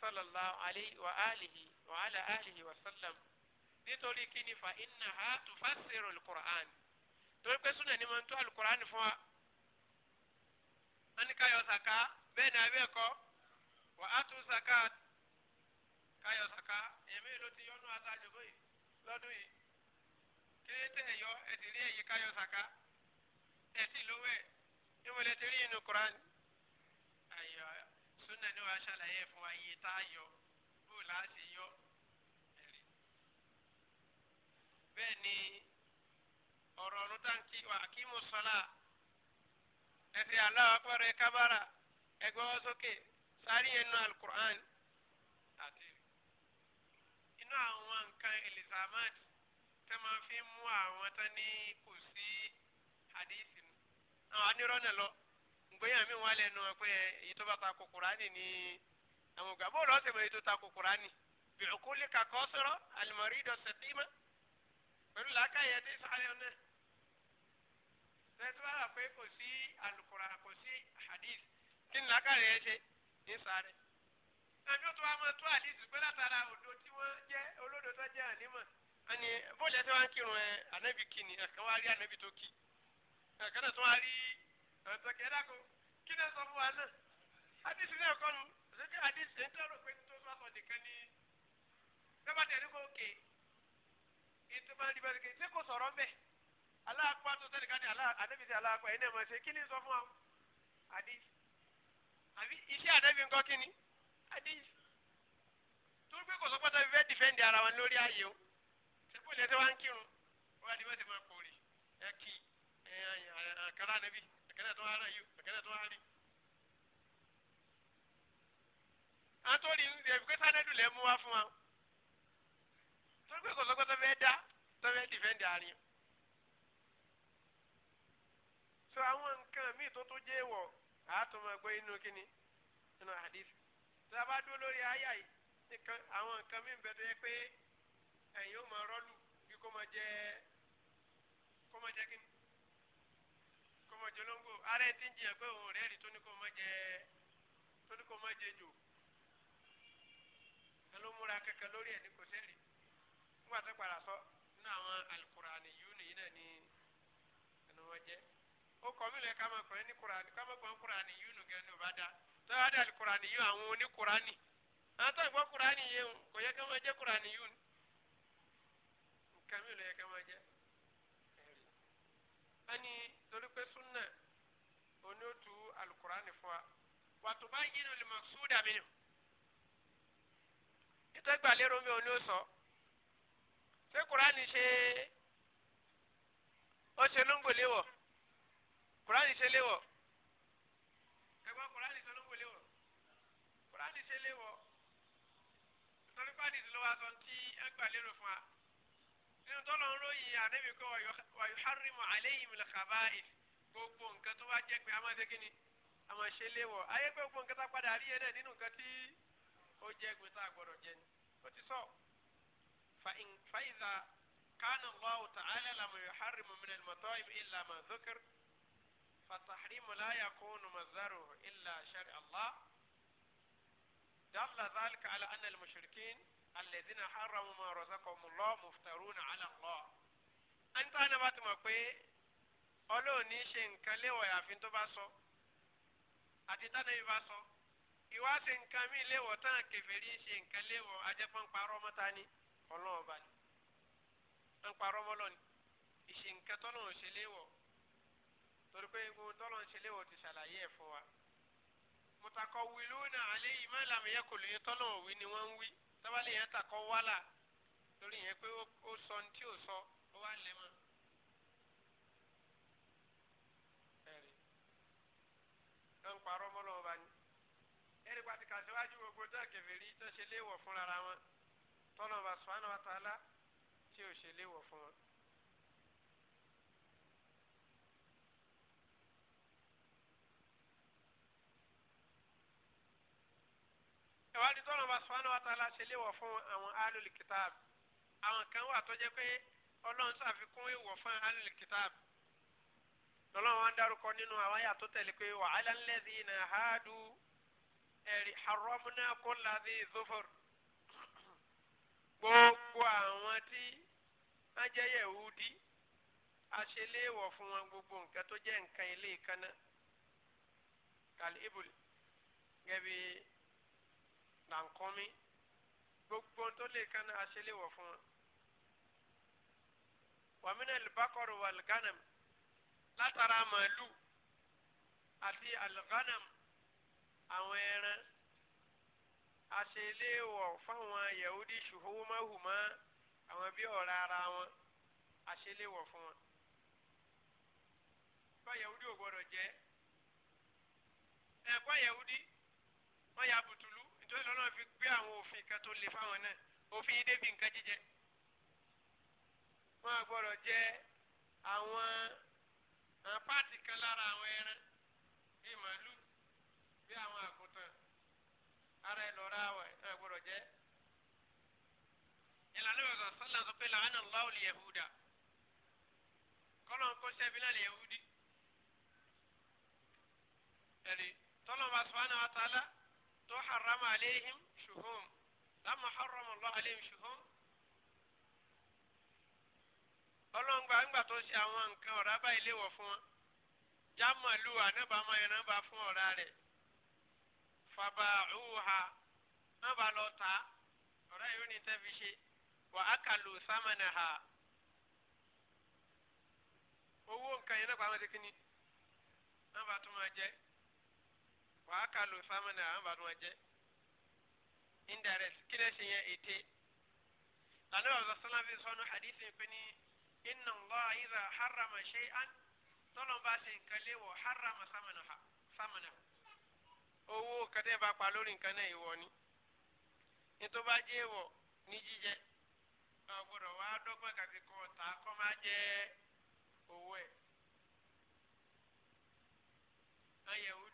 [SPEAKER 1] sallallahu alayhi wa alihi wa ala alihi wa sallam nítorí kíni fa innaha tufassiru al-Qur'an torí pé sunna ni mo ń tó al fún wa. wọ́n ní ká yọ sàká bẹ́ẹ̀ ni abẹ́ ẹ̀kọ́ wà á tún sàká káyọ̀ sàká èmi ló ti yọnu aṣáájú bóyì lọ́dún yìí kéré tẹ̀ yọ ẹ̀sìn e rí èyí káyọ̀ sàká ẹ̀sìn lówó ẹ̀ ìwọlẹ̀ ti rí inú Kùránì ayọ̀ Sunna ni wàá ṣàlàyé fún wa iye tá a yọ bó la ṣe yọ ẹ̀rí bẹ́ẹ̀ ni ọ̀rọ̀ ọ̀run táǹkì wà kí mo sọ́la ẹ̀sìn aláwọ̀ pẹ̀rẹ̀ kábàrà ẹgbẹ́ sókè sáré yẹn nínú alukur'an àti inú àwọn nǹkan elizamat tẹ́ máa fi mú àwọn tán ní kò sí hadisi nù àwọn anírọ́nà lọ gbóyà mi wà lẹ́nu pé èyí tó bá ta kò kurani ni àwọn ògá bóòlù ọ̀sẹ̀ mọ̀ èyí tó ta kò kurani bìrùkú lè kakọ́ sọ̀rọ̀ alimọ̀rí dọ̀sẹ̀ tìmọ̀
[SPEAKER 2] pẹ̀lú làákàyè tí sáré
[SPEAKER 1] ọ̀nà tẹ́tí bá wà pé kò sí alukura kò sí hadith kí ni làákàyè ẹ ṣe ń sáré ẹni tó wá mọ tó àdìsí pé látara òdo tí wọ́n jẹ́ olódo tó jẹ́ ànímọ̀ ẹni bóyá tí wọ́n kírun ẹ ànábì kì ní ẹ̀kan wá rí ànábì tó kì ẹ̀kan náà tó wá rí ọ̀tọ̀kẹ́ dáko kí náà sọ fún wa náà àdìsí náà kọ́nu ṣẹ́kẹ́ àdìsí ẹ̀ ń tẹ́rọ pé tó sọ sọ nìkan ni bẹ́ẹ̀ bá tẹ̀lé kó kè é tó máa ń dìbò kè é ṣé kò sọ̀rọ̀ mbẹ́ aláàpá tó sẹ́ni ká ní aláàbí sí aláàpá ẹ̀ máa ṣe kí ni sọ fún wa àdìsí àbí iṣẹ́ ànábì ńkọ́ kí ni hadith torí pé kò sọ pátá fífẹ́ dìfẹ́ǹdì ara wọn lórí ààyè o sẹ́kù ilẹ̀ tí wọ́n ń kírun wọ́n á di wọ́n ti máa pòrì ẹ kì í àkàrà ànábì àkàrà tó wá rà yìí àkàrà tó wá rí. àtòrí ẹ̀fíkẹ́ sánẹ́dù lẹ́ mú wá fún wa torí pé kò sọ pátá fẹ́ dá tó fẹ́ dìfẹ́ǹdì ara yẹn. sọ àwọn nǹkan míì tó tó jẹ́ wọ̀ àtọmọ ẹgbẹ inú kíni inú hadith tí a bá dúró lórí àyà yìí nìkan àwọn nǹkan mí bẹ tó yẹ pé ẹ̀yin ó máa rọlù bí kò máa jẹ kò máa jẹ kíni kò máa jẹ olóńgbò ara ẹni tí ń jiyàn pé òun rẹ̀ rí tó ní kò máa jẹ tó ní kò máa jẹ jò ẹ ló múra kankan lórí ẹ ní kò sẹ́rì nígbà tó padà sọ nínú àwọn alukurani yìí náà ni ẹnu wọn jẹ́ ó kọ́ mi lọ ká máa pọ̀ ní kúránì ká máa pọ̀ ní kúránì yìí nù gẹ́ni ò bá dá
[SPEAKER 2] tọ́ bá dàlí kúránì yìí àwọn oníkúránì
[SPEAKER 1] àwọn tó ń gbọ́ kúránì yìí kò yẹ ká máa jẹ́ kúránì yìí nǹkan mi lọ yẹ ká máa jẹ́ ẹ̀rí. wọ́n torí pé súnà òní ó tu alukurani fún wa wàtò bá yín lè mọ̀ súdà mi nù nítorí gbàlérò mi òní ó sọ ṣé kúránì ṣe ó ṣe lóńgbò léwọ̀ kùránì ṣe léwọ̀ ẹgbọ́n kùránì sọ ló ń wọlé wọ̀ kùránì ṣe léwọ̀ nítorí pàdé ìdílé wa sọ ti ẹ gbà lérò fún wa nínú tọ́lọ̀ ń ròyìn ànábì kó wàyù harimu aleyhim lakaba gbogbo nǹkan tó bá jẹ́ pé a máa ṣe kíni a máa ṣe léwọ̀ ayé gbogbo nǹkan tá padà rí yẹn náà nínú nǹkan tí ó jẹ́ pé tá a gbọ́dọ̀ jẹ ni ó ti sọ fa ìza kánà Allahu ta'ala lamu yuharrimu min al-mata'im illa فالتحريم لا يكون مصدره إلا شرع الله دل ذلك على أن المشركين الذين حرموا ما رزقهم الله مفترون على الله أنت أنا باتما كوي أولو نيشن كالي ويا تباسو باسو أتتانا يباسو ìwáṣe nǹkan mi léwọ̀ tán kẹfẹ́rí ṣe nǹkan léwọ̀ ajẹ́pọ̀ ń parọ́ mọ́ ta ni ọlọ́ọ̀ba ni ń parọ́ mọ́ ìṣe nǹkan tọ́lọ́run ṣe léwọ̀ torí pé gbogbo tọ́lọ̀ ń ṣe léwò ti ṣàlàyé ẹ̀ fún wa. mùtàkọ̀ wìlú náà alẹ́ yìí má làmì yẹ kò lóye tọ́lọ̀ òwì ni wọ́n ń wí tábàlẹ̀ yẹn takọ̀ wálà torí yẹn pé ó sọ ní tí ò sọ ó wá lẹ̀ mọ́. ẹ̀rí ẹ̀ ń parọ́ mọ́ lọ́wọ́ bá ní. ẹ̀rí pàtí kàṣíwájú gbogbo tó kèfèrí tó ṣe léwọ̀ fúnra wọn tọ́lọ̀ bá subhanahu wa ta'ala tí ò ṣe léwọ̀ fún wọn.
[SPEAKER 2] ìwádìí tọ́lọ́ bá sọ́nà wa tààlà ṣe léwọ̀
[SPEAKER 1] fún àwọn alul kitab àwọn kan wà tó jẹ́ pé ọlọ́run ṣàfikún ìwọ̀ fún alul kitab lọ́lọ́run wa ń darúkọ nínú àwọn àyà tó tẹ̀lé pé wa ala alladhina hadu ẹ̀rí harramna kulla dhi zufur gbogbo àwọn tí wọ́n jẹ́ yẹ̀wúdí aṣeléwọ̀ fún wọn gbogbo nǹkan tó jẹ́ nǹkan ilé ìkànnà kàlíbùl gẹ́gẹ́ bíi làǹkọ́mí gbogbo tó lè kánná aṣẹ́léwọ̀ fún wọn. wàmínà ìlúbákọ̀rọ̀ wà lùgánàm látara màálù àti àlùgánàm àwọn ẹran aṣẹ́léwọ̀ fáwọn yahudi ṣùhómáhùmá àwọn bí ọ̀rá ara wọn aṣẹ́léwọ̀ fún wọn. bá yahudi ò gbọdọ̀ jẹ́ ẹ̀kọ́ yahudi wọ́n yà bùtù nítorí lọ́nà fi gbé àwọn òfin kan tó le fáwọn náà òfin yìí débi nǹkan jíjẹ wọn àgbọ̀dọ̀ jẹ àwọn àwọn páàtì kan lára àwọn ẹran bíi màálù bíi àwọn àgùntàn ara ẹlọ́ra wà ẹ̀ àgbọ̀dọ̀ jẹ. ìlànà ìwọ̀sán sọ́lá sọ pé làánà lọ́wọ́ lè yẹ̀húdà kọ́nà kó sẹ́bi náà lè yẹ̀húdì. ẹ̀rí tọ́lọ́mọba sọ́hánà wa ta'ala. tó harama aleihim ṣùgbọ́n lámà harama Allah aleihim ṣùgbọ́n ọlọ́ngbà ńgbà tó ṣe àwọn nǹkan ọ̀rá báyìí léwọ̀ fún wọn jámàlú ànábàámọ̀ yẹn náà bá fún ọ̀rá rẹ̀ fàbàrúhà má bàa lọ tà á ọ̀rá yìí ó ní tẹ́ fi ṣe wà á kàlù sámánà hà owó nǹkan yẹn wàá kà lò sámánà àwọn bàdùn ọjẹ indirect kí lè ṣe yẹn ète
[SPEAKER 2] lànà ọ̀rọ̀ sọ́nà fi sọ́nù
[SPEAKER 1] hadithi pé ní inna Allah idha harrama shay'an tọ́lọ̀ bá ṣe nǹkan léwọ̀ harrama sámánà sámánà owó kẹtẹ́ bá pa lórí nǹkan náà ìwọ ni nítorí bá jẹ́ ìwọ ní jíjẹ ọ̀gbọ́dọ̀ wá dọ́gbọ́n kàfi kọ́ ta kọ́ máa jẹ́ owó ẹ̀. ayẹwo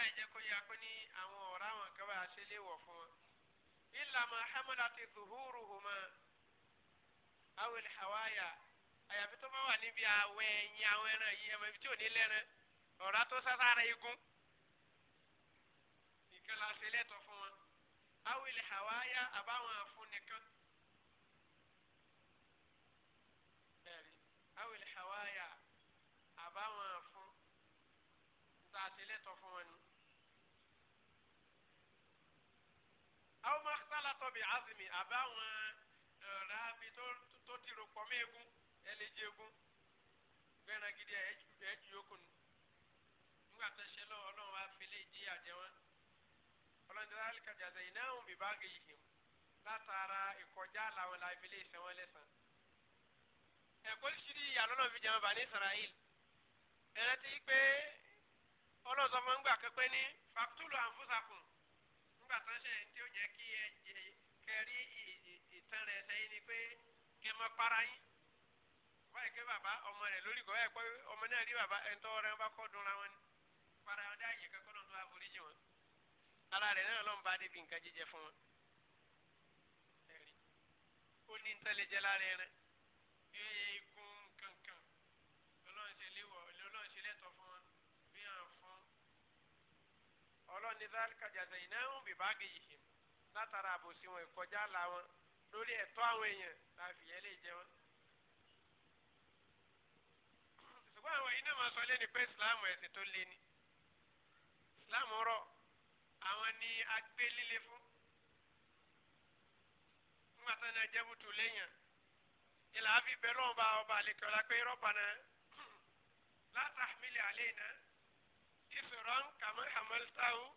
[SPEAKER 1] ayé jẹ́ kó yá pé ní àwọn ọ̀rá wọn kaba ṣe lé wọ̀ fún wọn. illa ma hamalati zuhuruhuma awil hawaya àyàfi tó bá wà níbi àwọ̀ ẹ̀yìn àwọn ẹran yìí ẹ̀mọ̀ ibi tí ò ní lẹ́ran ọ̀rá tó sására igun nìkan la ṣe lẹ́tọ̀ fún wọn awil hawaya àbáwọn àfun nìkan. hawaya àbáwọn àfun tá lẹ́tọ̀ fún wọn ni. àwọn máa sálà tọ́bi azimi àbáwọn ràbí tó ti rò pọ̀ mọ́ egun ẹlẹ́jẹ̀ egun gbẹ́ran gidi ẹ̀jú yókù nù nígbà tó ṣe lọ́wọ́ ọlọ́run wá fẹlẹ́ ìdí àjẹ ọlọ́run jẹ́ láti kàjà sẹ́yìn náà ń bìbá gé yìí hìm látara ìkọjá làwọn la fẹlẹ́ ìsẹ́ wọn lẹ́sàn. ẹ̀kọ́ ṣírí ìyá lọ́nà fi jẹun bani israel ẹ̀rẹ́ ti pé ọlọ́run sọ fún gbà kẹ́kẹ́ ní fàtúlù àǹfọ̀sàkùn nígbà tó ń ṣe tí ó jẹ́ kí ẹ jẹ kẹrí ìtàn rẹ̀ sẹ́yìn ni pé kẹ mọ́ para yín báyìí pé bàbá ọmọ rẹ̀ lórí kọ́ ẹ̀ pé ọmọ náà rí bàbá ẹ̀ ń tọ́ ọ̀rẹ́ bá kọ́ dunra wọn para wọn dá yẹ kẹ́kọ́ náà tó àforíjì wọn
[SPEAKER 2] ara rẹ̀ náà lọ́nba
[SPEAKER 1] débi nǹkan jíjẹ fún wọn ó ní ntẹ́lẹ̀jẹ́ lára ẹran bí ọlọ́run ní zálíkà jàdá iná ń bì báàgì látara àbòsí wọn ìkọjá la wọn
[SPEAKER 2] lórí ẹ̀tọ́ àwọn èèyàn
[SPEAKER 1] láfi yẹn lè jẹ wọn. ṣùgbọ́n àwọn iná máa sọ lẹ́nu pé islam ẹ̀sìn tó lé ni islam rọ àwọn ni agbé líle fún nígbà tó ní ajẹ́bùtù lẹ́yìn ìlà àfi bẹ́ẹ̀ lọ́wọ́ bá ọba àlekẹ́ ọ̀la pé rọ́bà náà látàmílẹ̀ àlẹ́ náà. إصرا كما حملته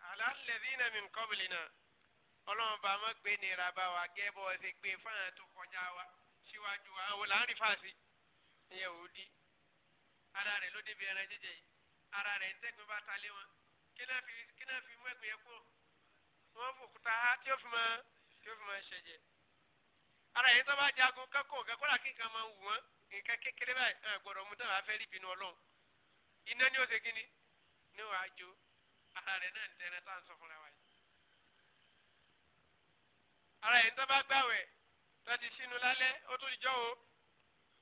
[SPEAKER 1] على الذين من قبلنا ọlọ́run bá má gbé nira bá wa gẹ́ bọ́ ṣe gbé fáwọn tó kọjá wa síwájú wa àwọn láàrin fàṣì ìyẹn ò di ara rẹ̀ ló débi ẹran jíjẹ yìí ara rẹ̀ ń tẹ́gbẹ́ bá ta lé wọn kí náà fi kí náà fi mú ẹ̀gbìn yẹn kúrò wọ́n fòkúta tí ó fi máa tí ó fi máa ṣẹ̀jẹ̀ ara yẹn tó bá jagun kẹ́kọ̀ọ́ kẹ́kọ̀ọ́ làkínkàn máa wù wọ́n nǹkan kékeré báyìí gbọ́dọ̀ mú tán àá rí ìbínú ọlọ́run iná ni ó ṣe kíni ní wàá jó ara rẹ̀ náà ń tẹ̀rẹ̀ tá à ń sọ fúnra wa yìí. ara yìí tó bá gbàwẹ̀ tó ti sínú lálẹ́ ó tún dijọ́ o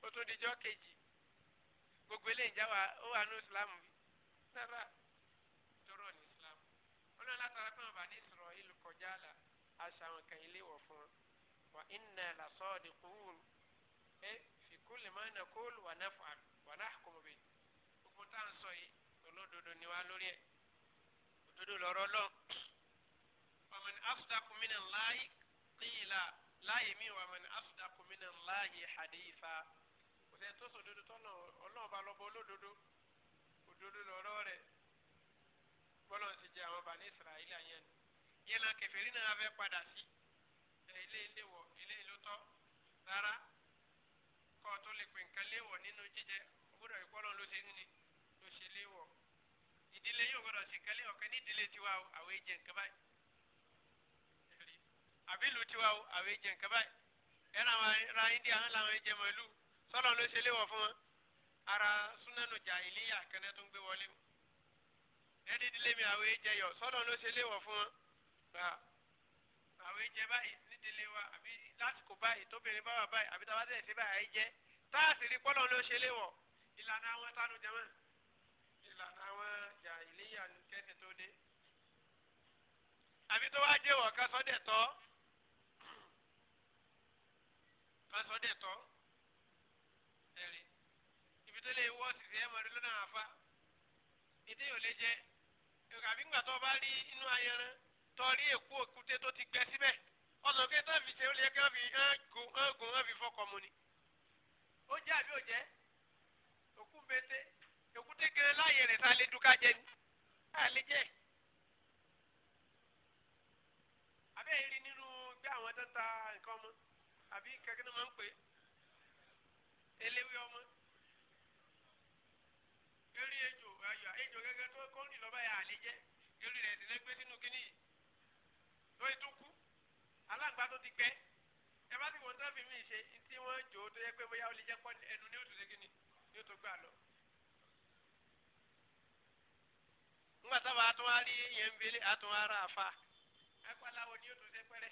[SPEAKER 1] ó tún dijọ́ kejì gbogbo eléyìí já wa ó wà ní ìsìlámù yìí sábà tọrọ ní ìsìlámù ọlọ́run látara pé wọn bá ní ìsọ̀rọ̀ ìlú kọjá àlà àṣà kan ilé wọ̀ fún wa inna la sadiqun ẹ fi kulli ma naqulu wa naf'al wa nahkumu bihi tá à ń sọ yìí olódodo ni wá lórí ẹ̀ òdodo lọ́rọ̀ lọ. wàmàn afdaqu minallahi
[SPEAKER 2] qila láàyè mi wàmàn
[SPEAKER 1] afdaqu minallahi haditha òsè tó sọ òdodo tọ́nà ọlọ́ọ̀bá lọ́bọ olódodo òdodo lọ́rọ̀ rẹ̀ bọ́lọ̀ ti jẹ àwọn bàní Israẹli àyẹn yẹn náà kèfèrí náà fẹ́ padà sí ilé ilé wọ̀ ilé ìlú tọ́ rárá kọ́ ọ tó lè pè nǹkan léwọ̀ nínú jíjẹ ó gbọ́dọ̀ ìpọ́lọ́ ló ṣe ń ni léwọ̀ ìdílé yóò gbọdọ̀ ṣe kálé ọ̀kan ní ìdílé tiwa o àwọn èjì nǹkan báyìí àbí ìlú tiwa o àwọn èjì nǹkan báyìí ẹ̀rọ àwọn ará india ń làwọn èjì màálù
[SPEAKER 2] sọ́lọ́ ló ṣe léwọ̀ fún wọn
[SPEAKER 1] ara súnánù jà ìlíyà kẹ́nẹ́ tó ń gbé wọlé o ẹni ìdílé mi àwọn èjì ẹ̀yọ sọ́lọ́ ló ṣe léwọ̀ fún wọn àwọn èjì báyìí nídìílé wa àbí lásìkò báyìí tóbìnrin bá wà báyìí àbí táwa tẹ̀sí báyìí jẹ́ táàsì rí pọ́lọ́ ló ṣe léwọ̀ ìlànà àwọn tánu jẹ́ mọ́ ìlànà àwọn jàhílíyà ní kẹ́sìn tó dé àbí tó wá jẹ́ wọ̀ ká sọ́dẹ̀ tọ́ ká sọ́dẹ̀ tọ́ ẹ̀rí ibi tó lè wọ́ sísè ẹ̀ mọ̀rí lọ́nà àfa ìdí yóò lè jẹ́ àbí ńgbà tó bá rí inú ayẹran tó rí èkó òkúté tó ti gbẹ síbẹ̀ ọ̀sán kí tó fi ṣe ó lè kí wọ́n fi gùn wọ́n fi fọkọ̀ mu ni ó jẹ́ àbí ó jẹ́ òkú bété èkúté gẹrẹ láàyè rẹ̀ tá a lè dúkà jẹ ní tá a lè jẹ. àbẹ́ yìí rí nínú gbé àwọn tó ta nǹkan ọmọ àbí kẹ́kẹ́ náà máa ń pè é eléwé ọmọ eré ejò ayọ̀ ejò gẹ́gẹ́ tó kọ́ ní lọ́ba yà á lè jẹ eré rẹ̀ ti lẹ́gbẹ́ sínú kínní yìí lóyún tó kú alágbá tó ti gbẹ ẹ bá ti wọ́n tẹ́ fi mí ṣe tí wọ́n jò ó tó yẹ pé bóyá ó lè jẹ́ pọ́ ẹnu ní òtún ṣe kínní ní òtún gbà lọ. ńgbà sábà àtún wá rí yẹn ń belé àtún ara àfa akpaláwo ni yóò tó ṣe pẹrẹ.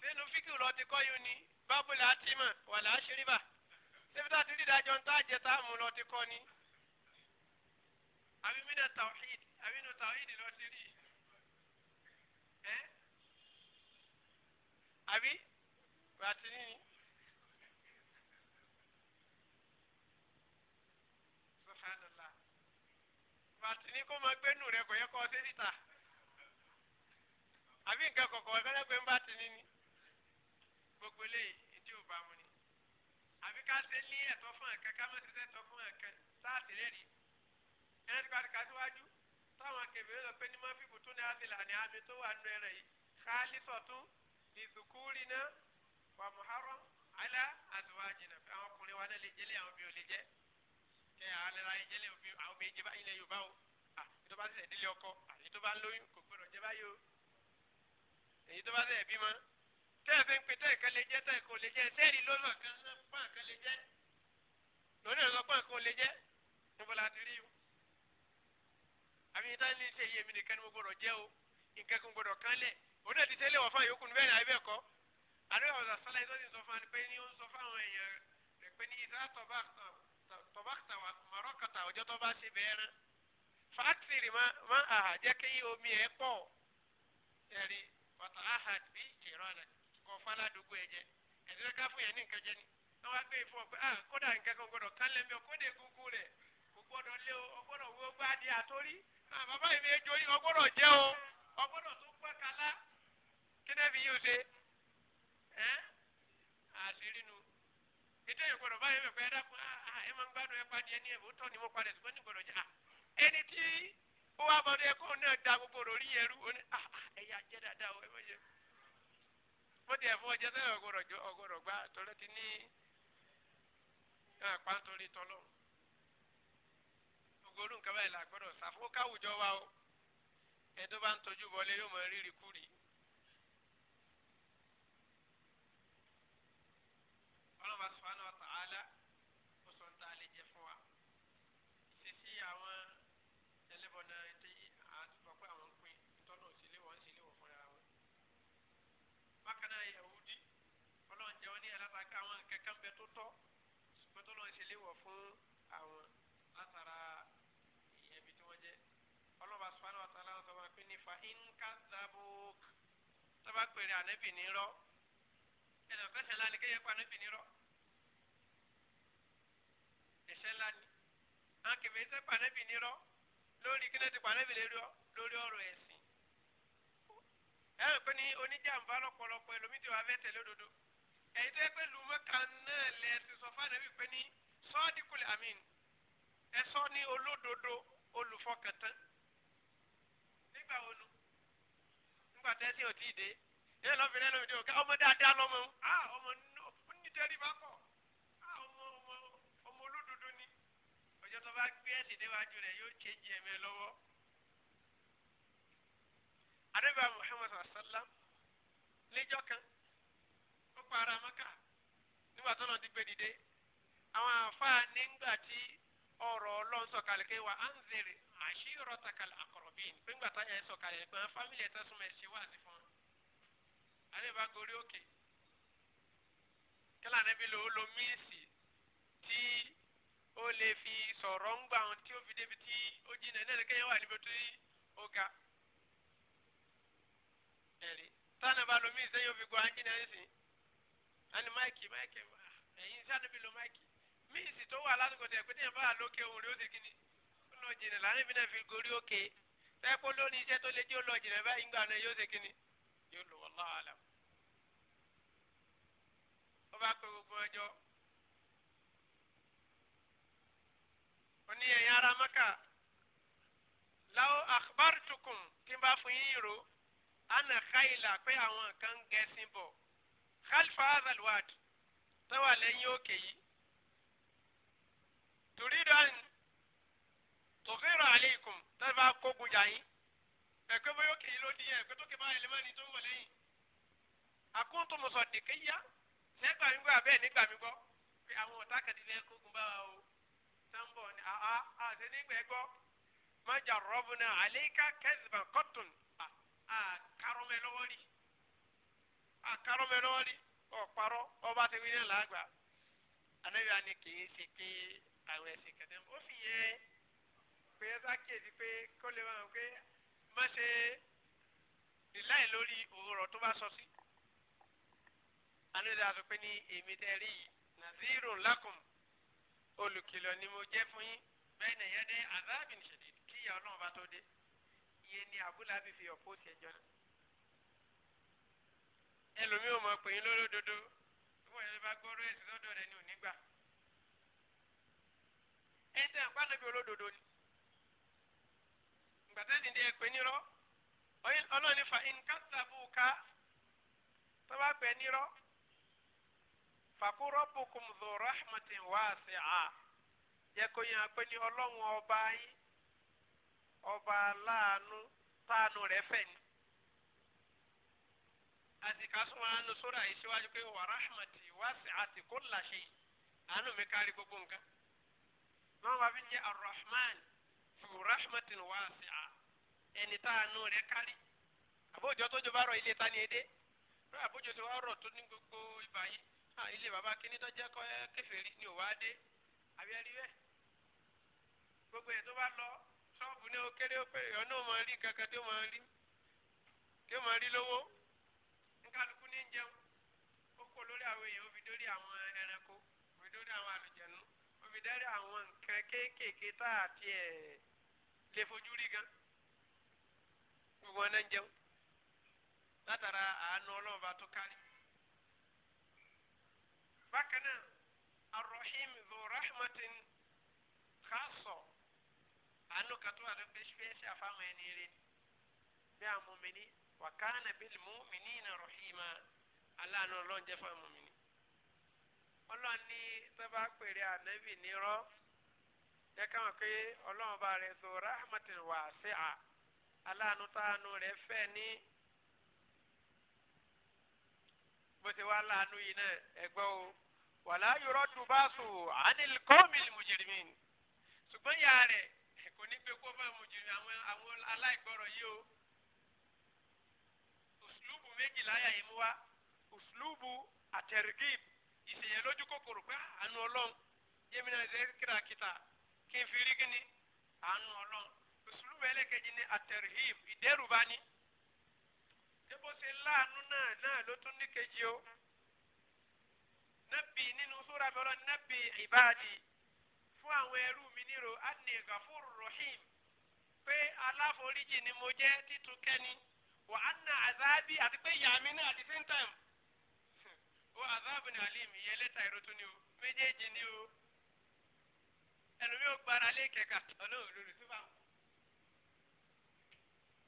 [SPEAKER 1] sínú fíkì lọ ti kọ́ yóò ní bábù là á ti mọ̀ wà là á ṣe rí bà síbi tá a ti rí ìdájọ́ ń tá a jẹ tá a mú lọ ti kọ́ ni. àbí mílẹ̀ tawhid àbí nù tawhid lọ ti rí. àbí wà á ti rí ni. bàtí ní kó máa gbé nù rẹ kò yẹ kó ṣe síta àbí nǹkan kọ̀ọ̀kan ẹgbẹ́ pé ń bá ti ní ni gbogbo eléyìí tí ò bá mu ni àbí ká ṣe ní ẹ̀tọ́ fún ẹ̀kan ká má ṣe sẹ́tọ́ fún ẹ̀kan sáàtì lẹ́rìí ẹ̀rọ ti pàtàkì síwájú táwọn akẹ́bẹ̀rẹ̀ lọ pé ní má fìbò tó ní àdìlà ní àmì tó wà nù ẹ̀rẹ̀ yìí khalisọ̀ tún ìzùkúrì náà wà muharram alá àtiwájì náà àwọn wa náà lè jẹ́lé àwọn bí ó ra ẹ jẹ́lẹ̀ òbí àwọn obìnrin jẹ́ báyìí ilẹ̀ Yorùbá o èyí tó bá ṣẹ̀ṣẹ̀ délé ọkọ èyí tó bá lóyún kò gbọdọ̀ jẹ́ báyìí o èyí tó bá ṣẹ̀ bímọ tẹ́ẹ̀ fi ń pe tẹ́ẹ̀ kan lè jẹ́ tẹ́ẹ̀ kò lè jẹ́ sẹ́ẹ̀rì lọ́nà kan pọ́n kan lè jẹ́ lónìí ọ̀sán pọ́n kan lè jẹ́ níbo la ti rí o àbí yìí tá ní ṣe iye mi nìkan ni mo gbọdọ̀ jẹ́ o nǹkan kan gbọdọ̀ kan lẹ̀ òun náà ti tẹ́lẹ̀ wọ̀ fún àyókù níbẹ̀ ní àbẹ̀ kọ́ àdéhùn ọ̀sán sálẹ̀ tó ti sọ fún wa ni pé ní ó ń sọ tọ̀bákítà mọ̀rọ́kàtà ọjọ́ tó bá ṣe bẹ́ẹ̀ rán fàtìrì má àhà jẹ́ kí omi ẹ̀ pọ̀ ẹ̀rí wàtà àhà bí ìrọ̀lẹ̀ kọ̀ fàlàdùgbò ẹ̀ jẹ́ ẹ̀dínlẹ́ ká fún yẹn ní nǹkan jẹ́ ni wọ́n wá gbé ìfọ̀ e pé ah kódà nǹkan kan gbọ́dọ̀ kálẹ̀ mi ò kódà egungun rẹ̀ kò gbọ́dọ̀ lé o ò gbọ́dọ̀ wo gbá di àtórí ah bàbá yìí mi ejò yìí ò gbọ́dọ̀ jẹ́ o ò gbọ́dọ̀ tó gbọ́ kálá kí náà fi yí o ṣe ẹ́ àṣírí nu ètò yẹn gbọ́dọ̀ báyìí bẹ pé ẹ dákun ẹ máa ń gbádùn ẹ padì ẹni ẹ bó tọ ni mo padà ṣùgbọ́n ní gbọ́dọ̀ jẹ ẹni tí ó wá bọdọ ẹ kó náà da gbogbo rò rí ẹrú ó ní ẹyà jẹ dáadáa o ẹ mọ jẹ
[SPEAKER 2] mo tẹ fún ọjọ́ sẹ́yìn ọgọrọ
[SPEAKER 1] ọgọrọ gbá tọlẹ ti ní ah, pàǹtórí tọlọ gbogbo orú nǹkan báyìí o ẹ tó bá ń tọ́jú bọlé yóò mọ rírì ọlọ́run bá subhanahu wa ta'ala ó sọ níta lè jẹ fún wa ìṣesí àwọn ẹlẹ́bọ̀n náà ti àtúbọ̀ pé àwọn ń pín ìtọ́nà òsèlè wọ́n ń ṣe léwọ̀ fúnra wọn. bákan náà yahudi ọlọ́run jẹ́ wọn ní alábàákà àwọn kẹ̀kẹ́ ń bẹ tó tọ́ ṣùgbọ́n tó lọ́n ṣe léwọ̀ fún àwọn látara ìyẹ̀bi tí wọ́n jẹ́ ọlọ́run bá subhanahu wa ta'ala sọ wọn pé ní fa inkazabuk tọ́ba pèrè ànẹ́bì nírọ́ ẹ̀dọ̀ fẹsẹ̀ lálẹ́ kéye pa ànẹ́bì nírọ́ ẹ̀ṣẹ̀ ńlá ni àwọn kẹfẹ́ sẹ́ pànẹ́bì nírọ́ lórí kí náà ti pànẹ́bì lórí ọ̀rọ̀ ẹ̀sìn ẹ rò pé ní oníjàmbá lọ́pọ̀lọpọ̀ ẹlòmíì tí wàá fẹ́ tẹ̀lé òdodo ẹ̀yin tó yẹ pé lu mẹ́ka náà lẹ ti sọ fànẹ́bì pé ní sọ́ọ́dínkùlẹ̀ àmín ẹ sọ ní olódodo olùfọkàntán nígbà wo nu nígbà tẹ́sí ò tíì dé ẹ lọ́ọ́ fi lẹ́nu ìdí ọ̀gá ọmọ dáadáa lọ́mọ ah ọmọ nítorí bá kọ̀. bá gbé ẹ̀sìn déwájú rẹ̀ yóò chéjì ẹ̀mẹ́ lọ́wọ́. àdébà muhammad sallam níjọ́ kan ó pa ara mọ́kà nígbà tó lọ́ọ́ ti gbé dìde àwọn àfáà nígbà tí ọ̀rọ̀ ọlọ́run sọ̀kalẹ̀ pé wà á ń zèrè àṣírọ̀ takalẹ̀ àkọ̀rọ̀bìn pé ńgbà táyà ẹ̀ sọ̀kalẹ̀ pé fámìlì ẹ̀ tẹ́sùn ẹ̀ wà sí fún un. àdébà gorí òkè
[SPEAKER 2] kílànà bí lòó lo míìsì
[SPEAKER 1] tí o lè fi sọ̀rọ̀ ń gbà tí ó fi débi tí ó jìnnà náà kéèyàn wà níbi tí ó ga. ẹ̀rí táwọn bá lomi ìsẹ́yìn òfin gbọ́ ájínà ẹ̀sìn ẹni máìkì máìkì ẹ̀yìn sànúbí lo máìkì míìsì tó wà lásìkò tẹ̀ pé téèyàn bá wà lókè òun rí ó ti kíni ó lọ jìnnà lánàá ìbí náà fi gorí òkè tẹ́pọ̀ lónìí iṣẹ́ tó lè jẹ́ ó lọ jìnnà báyìí ń gbà náà yóò ṣe kíni yóò lọ wallahu alam. oní ẹ̀yin ará maka láwọ akhbartukum tí n bá fún yín ìró ana khayla pé àwọn kan ń gẹ̀ẹ́sìn bọ̀ khalfa hazal wad tó wà lẹ́yìn òkè yìí turidu an tòfẹ́rọ aleikum tó bá kógun jà yín ẹ̀kọ́ bóyá òkè yìí ló di ẹ̀kọ́ tó kẹ́ bá ẹlẹ́mọ́ni tó ń wọ̀ lẹ́yìn akuntu musaddiqiya sẹ́gbàmígbọ́ abẹ́ẹ̀ nígbàmígbọ́ pé àwọn ọ̀tá kẹ́tì fẹ́ kógun bá wa o sanbọ ni àá àti nígbà ẹgbọ
[SPEAKER 2] májà rọbù náà àlééká
[SPEAKER 1] kẹsìbà kọtùn à karọmẹ lọ́wọ́ rí à ah, karọmẹ lọ́wọ́ rí ọparọ ọba ti wí ní làágbà anabi ani kì í ṣe pé àwọn ẹsẹ o ó fi yẹ pé ẹsẹ kíyèsí pé kó lè máa pé má ṣe rìláì lórí òwúrọ̀ tó anabi àti pé ní èmi tẹ rí yìí nàzírò lakum. olùkìlọ̀ ni mo jẹ́ fún yín bẹ́ẹ̀ ni ìyẹn ní azabin shadid kí ìyá ọlọ́run bá ni fi ọ̀pọ̀ sí ẹjọ́ náà ẹlòmíì ò mọ̀ pé yín lólódodo bí wọ́n yẹn bá lọ́dọ̀ ni ò ní gbà bí olódodo ni gbàtẹ́sì pé nírọ́ fàkúrọ̀ bùkún dhu rahmatin wasi'a yẹ kó yẹn apẹ́ ní ọlọ́run ọba yín ọba aláàánú táànù rẹ̀ fẹ̀ ni. àtìká súnmọ́ àánú sórí àyè síwájú pé wà rahmati wasi'at kulla shay àánú mi kárí gbogbo nǹkan. wọ́n wá fi jẹ́ arrahman fi rahmatin wasi'a ẹni táànù rẹ̀ kárí. àbójọ tó jọba rọ ilé ta ni èdè àbójọ tó wà rọ tó gbogbo ìbàyè ah ilé baba kíní tó jẹ́ kọ́ eh, kèfèrí ni ò wá dé àbí ẹ rí bẹ́ẹ̀ gbogbo ẹ̀ tó bá lọ ṣọ́ọ̀bù ní o kéré ó pé ọ̀nà ò mọ rí kankan tó mọ rí tó mọ rí lówó nkálukú ní jẹun ó kó lórí àwọn èèyàn ó fi dórí àwọn ẹranko ó fi dórí àwọn àlùjẹ̀nu ó fi dórí àwọn nǹkan kéékèèké tá a tiẹ̀ lè fojú rí gan gbogbo ọ̀nà jẹun látara àánú ọlọ́ọ̀bá tó kárí bákan náà arrohim dhu rahmatin khaso àánú kàtó àlọ́ pé ṣíṣe àfáwọn ẹni rẹ̀ bí àwọn mọ̀mìnì wa kana bil mu'minina rahima aláàánú ọlọ́run jẹ́ fún àwọn mọ̀mìnì. ọlọ́run ní sábà pèrè ànábì nírọ́ yẹ káwọn pé ọlọ́run bá dhu rahmatin wasi'a aláàánú táànù rẹ̀ fẹ́ ní bó ṣe wá láàánú yìí náà ẹgbẹ́ o wàlá yọrọ dubaṣu anil kọ́mìl mùjìrìmìn ṣùgbọ́n ìyá rẹ̀ kò ní gbé kó fún mùjìrìmìn àwọn àwọn aláìgbọ́rọ̀ yìí o òṣùlùbù méjìlá yà yìí mú wa òṣùlùbù àtẹ̀rìgìb ìṣèyẹ lójú kòkòrò pé ah, àánú ọlọ́run yémi náà ṣe kíràkítà
[SPEAKER 2] kí n fi rí kíni
[SPEAKER 1] àánú ọlọ́run òṣùlùbù ẹlẹ́kẹ̀jì ni àtẹ̀rìgìb ṣé bó ṣe láàánú náà náà ló tún ní kejì o nàbì nínú súra bẹ́ẹ̀ nàbì ìbáàdì fún àwọn ẹrú mi nírò àdìní gàfúrú rahim pé aláforíjì ni mo jẹ́ títú kẹ́ni wà á na àzábì àti pé yàmi náà àti same time ó àzábì alim ìyẹn lẹ́tà ìrọ̀tún ni o méjèèjì ni o ẹlòmí ò gbára lé kẹ̀kà ọlọ́run lórí síbà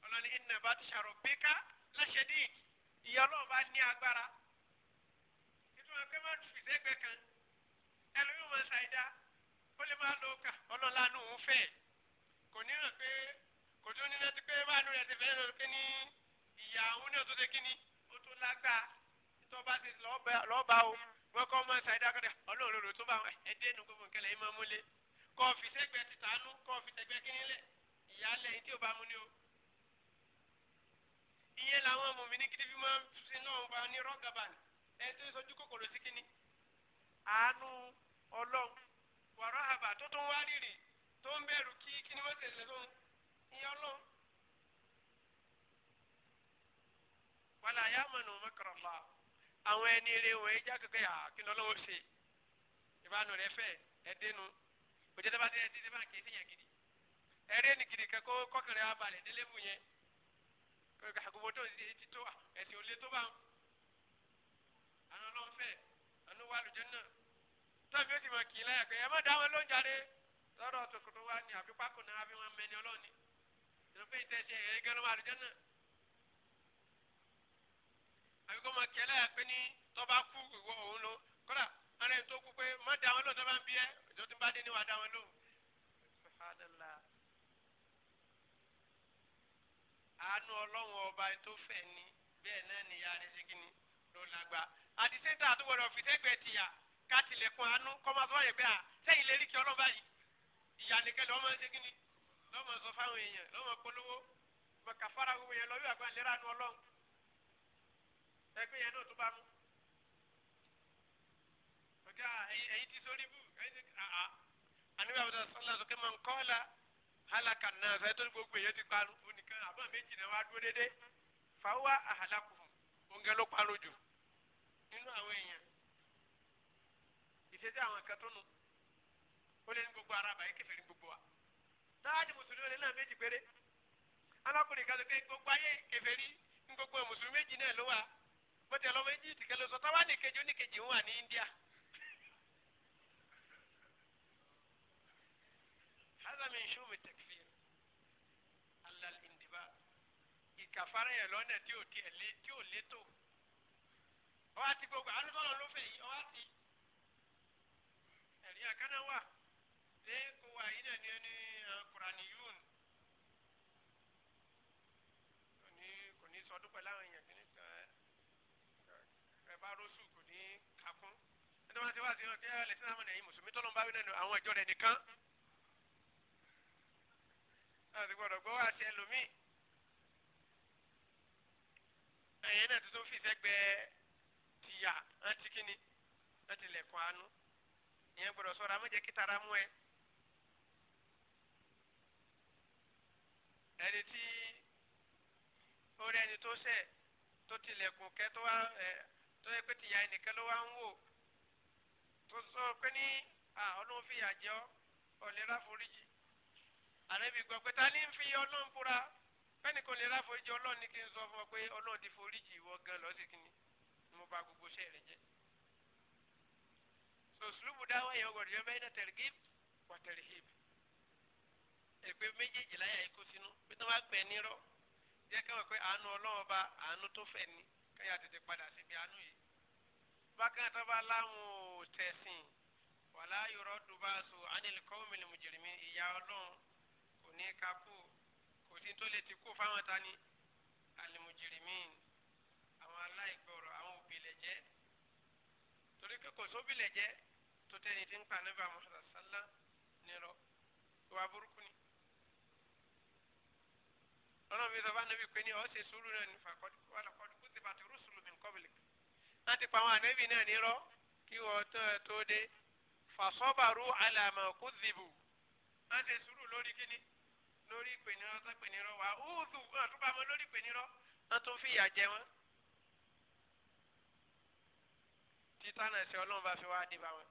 [SPEAKER 1] ọlọ́ni ìnàbà ti ṣàròbíkà lọ́sẹ̀dí ìyá ọlọ́run bá ní agbára nítorí pé má fi sẹ́gbẹ̀ẹ́ kan ẹlòmíràn máa ṣàìdá ó lè máa lo ọkà ọlọ́lá nù ún fẹ́ kò ní hàn pé kò tún ní láti pé báàánú rẹ̀ ti fẹ́ lọ kí ní
[SPEAKER 2] ìyá òun náà tó
[SPEAKER 1] ṣe kí ni ó tó lágbá tó bá ti lọ́ọ̀bá o wọ́n kọ́ máa ṣàìdá kọ́dà ọlọ́run lòlò tó bá ẹ̀dẹ́ nù gbogbo nǹkan lẹ́yìn máa múlé kọ́ fi ìyẹn làwọn mòmìnì gidi fi máa ń sin náà bá ní rọ́gàbàn ẹni tó sojú kòkòrò sí kínní. àánú ọlọ́run wàrà àbà tó tún wá rírì tó ń bẹ̀rù kí kíní wọ́n tẹ̀lé lóhun ìyẹn ọlọ́run. wàlà ayé àmọ̀nà mọ́kàrọ̀ lọ àwọn ẹni rẹ̀ wọ̀ ẹja kẹ̀kẹ́ yà kí lọ́lọ́wọ́ ṣe ìbánu rẹ̀ fẹ́ ẹ̀dínú
[SPEAKER 2] òjò tó bá dé ẹ̀dínú bá
[SPEAKER 1] kì í sèyàn gidi ẹ̀rẹ́ nìgidi kẹ́kọ́ kọ́kẹ́rẹ́ abalẹ̀ délé àgùnbó tó ń ṣe etí tó ẹ̀sìn ò lé tó bá ń àná ọlọ́run fẹ́ àná wà lùjẹ́ náà tọ́bi ó sì mọ̀ kì í láyà pé ẹ má dá wọn lóúnjẹ rẹ lọ́dọ̀ tòkòtò wa ni àbí pákó náà àbí wọn mẹni ọlọ́ọ̀ni ìlú pé ìtẹ̀sẹ̀ ẹ̀yẹ gẹ́lú wà náà àbí kó kì í láyà pé ní tọ́ba kú ìwọ òun lọ kọ́dà ara ẹni tó kú pé má dá wọn lóun tọ́ba ń bí ẹ ìjọ àánú ọlọ́run ọba tó fẹ̀ ni bẹ́ẹ̀ náà ni ìyá rẹ̀ ṣe kí ni ló lágbá àdìsẹ́ńtà tó gbọdọ̀ fi tẹ́gbẹ̀ẹ́ tìyà ká tilẹ̀kùn àánú kọ́má sọ yẹ bẹ́ẹ̀ à sẹ́yìn lè rí kí ọlọ́ba yìí ìyá nìkan lọ́mọ ṣe kí ni lọ́mọ sọ fáwọn èèyàn lọ́mọ polówó mọ kàfàrà gbogbo yẹn lọ yóò àgbà lera nu ọlọ́run ẹgbẹ́ yẹn náà tó bá mú ọ̀gá ẹ̀yìn ti sórí bù ẹ̀yìn ti àà àníbàbọ̀dà sọ́lá sọ́kẹ́ mọ̀ ń kọ́ ọ́ halaka náà fẹ́ tó ní gbogbo èyàn ti parun ó nìkan àbọ̀ méjì náà wá dúró dédé fàwa àhàlàkù oúnjẹ ló parun jù nínú àwọn èèyàn ìṣesí àwọn kan tó nu ó lé ní gbogbo ara àbáyé ní gbogbo wa dáhàjì mùsùlùmí olè náà méjì péré alákùnrin kan tó ké gbogbo ayé kẹfẹ́ ní gbogbo mùsùlùmí méjì náà ló wà bó ti ẹ lọ́mọ méjì tìkẹ́ ló sọ táwa ní kejì ń wà ní India. هذا من شوم التكفير على الاندباء ìkàfàrà yẹn lọ́nà tí ò tiẹ̀ lé tí ò létò ọ àti gbogbo alùpàlọ́ ló fẹ̀ yìí ọ àti ẹ̀rí àkànnà wà ṣé kò wà yìí náà ní ẹni kùránì yún kò ní kò ní sọdún pẹ̀lú àwọn èèyàn kìíní kan ẹ bá rọ́ṣù kò ní kakún
[SPEAKER 2] ẹni wọn ti wá sí ọ kí ẹ lè sí àwọn ẹ̀yìn mùsùlùmí tọ́lọ́mbáwí ìjọ rẹ̀ nìkan
[SPEAKER 1] sì gbọ́dọ̀ gbọ́ wá sí ẹlòmíì ẹ̀yẹ náà tuntun fi sẹ́gbẹ́ tìyà àti kíni àti lẹ̀kọ́ àánú ìyẹn gbọ́dọ̀ sọ̀rọ̀ àmọ́jẹ́ kí tara mú ẹ. ẹni tí
[SPEAKER 2] ó rí ẹni tó sẹ̀
[SPEAKER 1] tó tilẹ̀kùn kẹ́ tó wá ẹ̀ tó yẹ pé tìyà ẹnìkan ló wá ń wò tó sọ pé ní ọlọ́run fìyà jẹ́ ọ ọ̀lẹ́rà foríjì ànábì gbọ́ pé ta ni ń fi ọlọ́run búra bẹ́ẹ̀ni kò lè ráforíjì ọlọ́run ni kí n sọ fún ọ pé ọlọ́run ti foríjì ìwọ gan lọ́sì kínní ni mo bá gbogbo iṣẹ́ rẹ jẹ́. so sùlùmù dáwọ́ yẹn ọgọ̀dọ̀ yẹn bẹ́ẹ̀ náà targhib wa tarhib. èpè méjèèjì láyà ikú sínú pé tí wọ́n bá pè é jẹ́ káwọn pé àánú ọlọ́run ọba àánú tó fẹ̀ ni káyà tètè padà síbi àánú yìí. bákan tó bá láwọn ò tẹ̀sìn wàlá yọrọ dùbà so anil qawmil mujrimin ìyá ọlọ́run ní kakú kò sí tó lè ti kú fáwọn tani alimujirimin àwọn aláìgbọràn àwọn òbílẹ̀ jẹ́ torí pé kò sóbílẹ̀ jẹ́
[SPEAKER 2] tó tẹ́ni tí ń pa nípa
[SPEAKER 1] Muhammad sallam nírọ̀ ìwà burúkú ni. ọlọ́run mi sọ fún anabi pé ní ọ́ sùúrù náà nípa kọ́dùkú ti bàtí rúṣùlù mi kọ́bìlì láti pa àwọn anabi náà nírọ̀ kí wọ́n tó dé fasobaru ala ma kudhibu wọ́n ṣe sùúrù lórí kíni lórí ìpènirọ́ tó pènirọ́ wá óòzù hàn tó bá wọn lórí ìpènirọ́ wọn tún fìyà jẹ wọn. títà náà ṣe ọlọ́run bá fi wá dé bá wọn.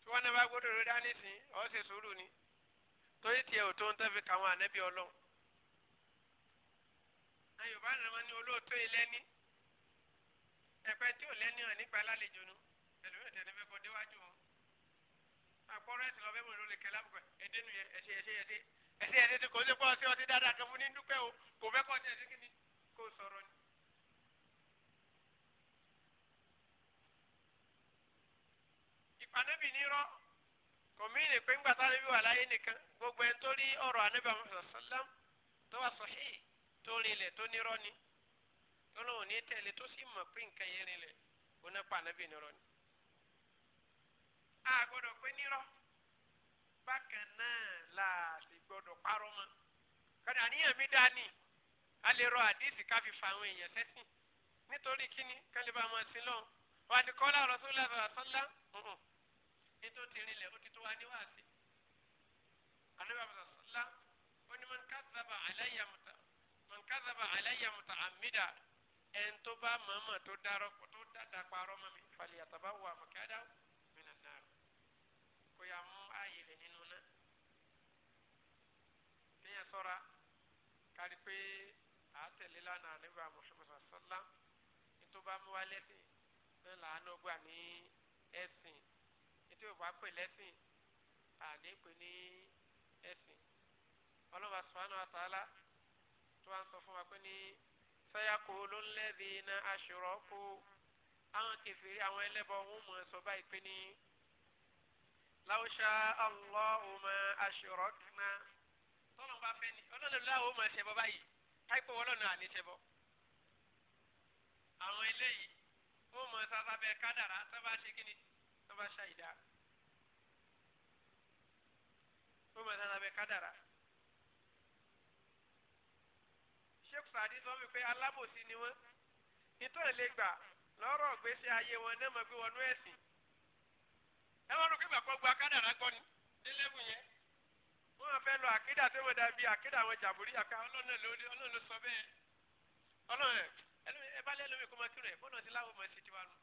[SPEAKER 1] tí wọ́n náà bá gbọ́dọ̀ ló dá nísìnyí ọ̀ ṣe sùúrù ni torí tiẹ̀ ò tó ń tẹ́ fi kàwọn ànẹ́bí ọlọ́run. ayọ̀bá náà wọn ní olóòótọ́ ilé ní ẹ̀pẹ́ tí ò lẹ́ni hàn nígbà lálejò nu ẹ̀lòmíràn tẹ̀lé kọ́ déwájú wọn àpọ̀rọ̀ ẹ̀sìn lọ́fẹ́ mọ̀ ló lè kẹ́ lábùkọ̀ ẹ̀dẹ́ nu yẹ ẹ̀ṣẹ̀ ẹ̀ṣẹ̀ ẹ̀ṣẹ̀ ẹ̀ṣẹ̀ ẹ̀ṣẹ̀ ti kò ṣe pọ̀ sí ọtí dáadáa kan fún ní dúpẹ́ o kò fẹ́ kọ́ ọtí ẹ̀ṣẹ̀ kí ni kò sọ̀rọ̀ ni. ìpànẹ́bì ní rọ kòmíìnì pé ńgbà táwọn ẹbí wà láyé nìkan gbogbo ẹni tó rí ọ̀rọ̀ ànábì àmọ́sọ̀sọ́lám tó wà sọ̀hí
[SPEAKER 2] tó rinlẹ̀ tó nírọ́ ni
[SPEAKER 1] tó lóun ní tẹ̀lé tó sì mọ̀ pé nǹkan yẹn rinlẹ̀ òun náà pànẹ́bì nírọ́ ni a gbọ́dọ̀ pé nírọ́ bákan náà là sì gbọ́dọ̀ parọ́ mọ́ kọ́dà àníyàn mi dá ní a lè rọ àdìsí ká fi fa àwọn èèyàn sẹ́sìn nítorí kíni kálí bá máa sin lọ́wọ́ wà á ti kọ́ láàrọ̀ sólà bàbá sọ́lá nítorí ti rinlẹ̀ ó ti tó wá níwáàsí àníbà bàbá sọ́lá ó ní man kadhaba alayya muta man kadhaba alayya muta'ammida ẹn tó bá màmá tó dárọ́ tó dàdà parọ́ mọ́ mi falẹ̀ yàtọ̀ bá sọ́ra kárí pé àátẹ̀lé lánàá ànábì Muhammad sallam nítorí bá mú wá lẹ́sìn ní làánú gbà ní ẹ̀sìn nítorí bá pè lẹ́sìn àní pè ní ẹ̀sìn ọlọ́wà subhanahu wa ta'ala tó wá ń sọ fún wa pé ní sayaqulu alladhina ashraku àwọn kẹfìrí àwọn ẹlẹ́bọ̀ ń mọ̀ sọ báyìí pé ní law sha'a Allahu ma tọ́lọ́n bá fẹ́ ni ọlọ́run láwo máa ṣẹbọ báyìí káìpọ̀ ọlọ́run àní ṣẹbọ. àwọn eléyìí ó mọ sábà bẹ kádàrá tó bá ṣe kíni tó bá ṣàìdá ó mọ sábà bẹ kádàrá. sheikh sadi sọ wípé alábòsí ni wọn nítorí lè gbà lọ́rọ̀ gbèsè ayé wọn náà mọ̀ pé wọnú ẹ̀sìn ẹ wọn rò pé bàbá gba kádàrá gbọ́ ni délẹ́bù yẹn wọ́n fẹ́ lọ àkídà tó wọ́n dàbí àkídà àwọn jàbúrí àká ọlọ́run náà lórí ọlọ́run ló sọ bẹ́ẹ̀
[SPEAKER 2] ọlọ́run ẹ bá lẹ́nu mi kó máa kírun ẹ̀ bọ́ọ̀nà ti láwọn ọmọ ẹ̀
[SPEAKER 1] sì ti wà nù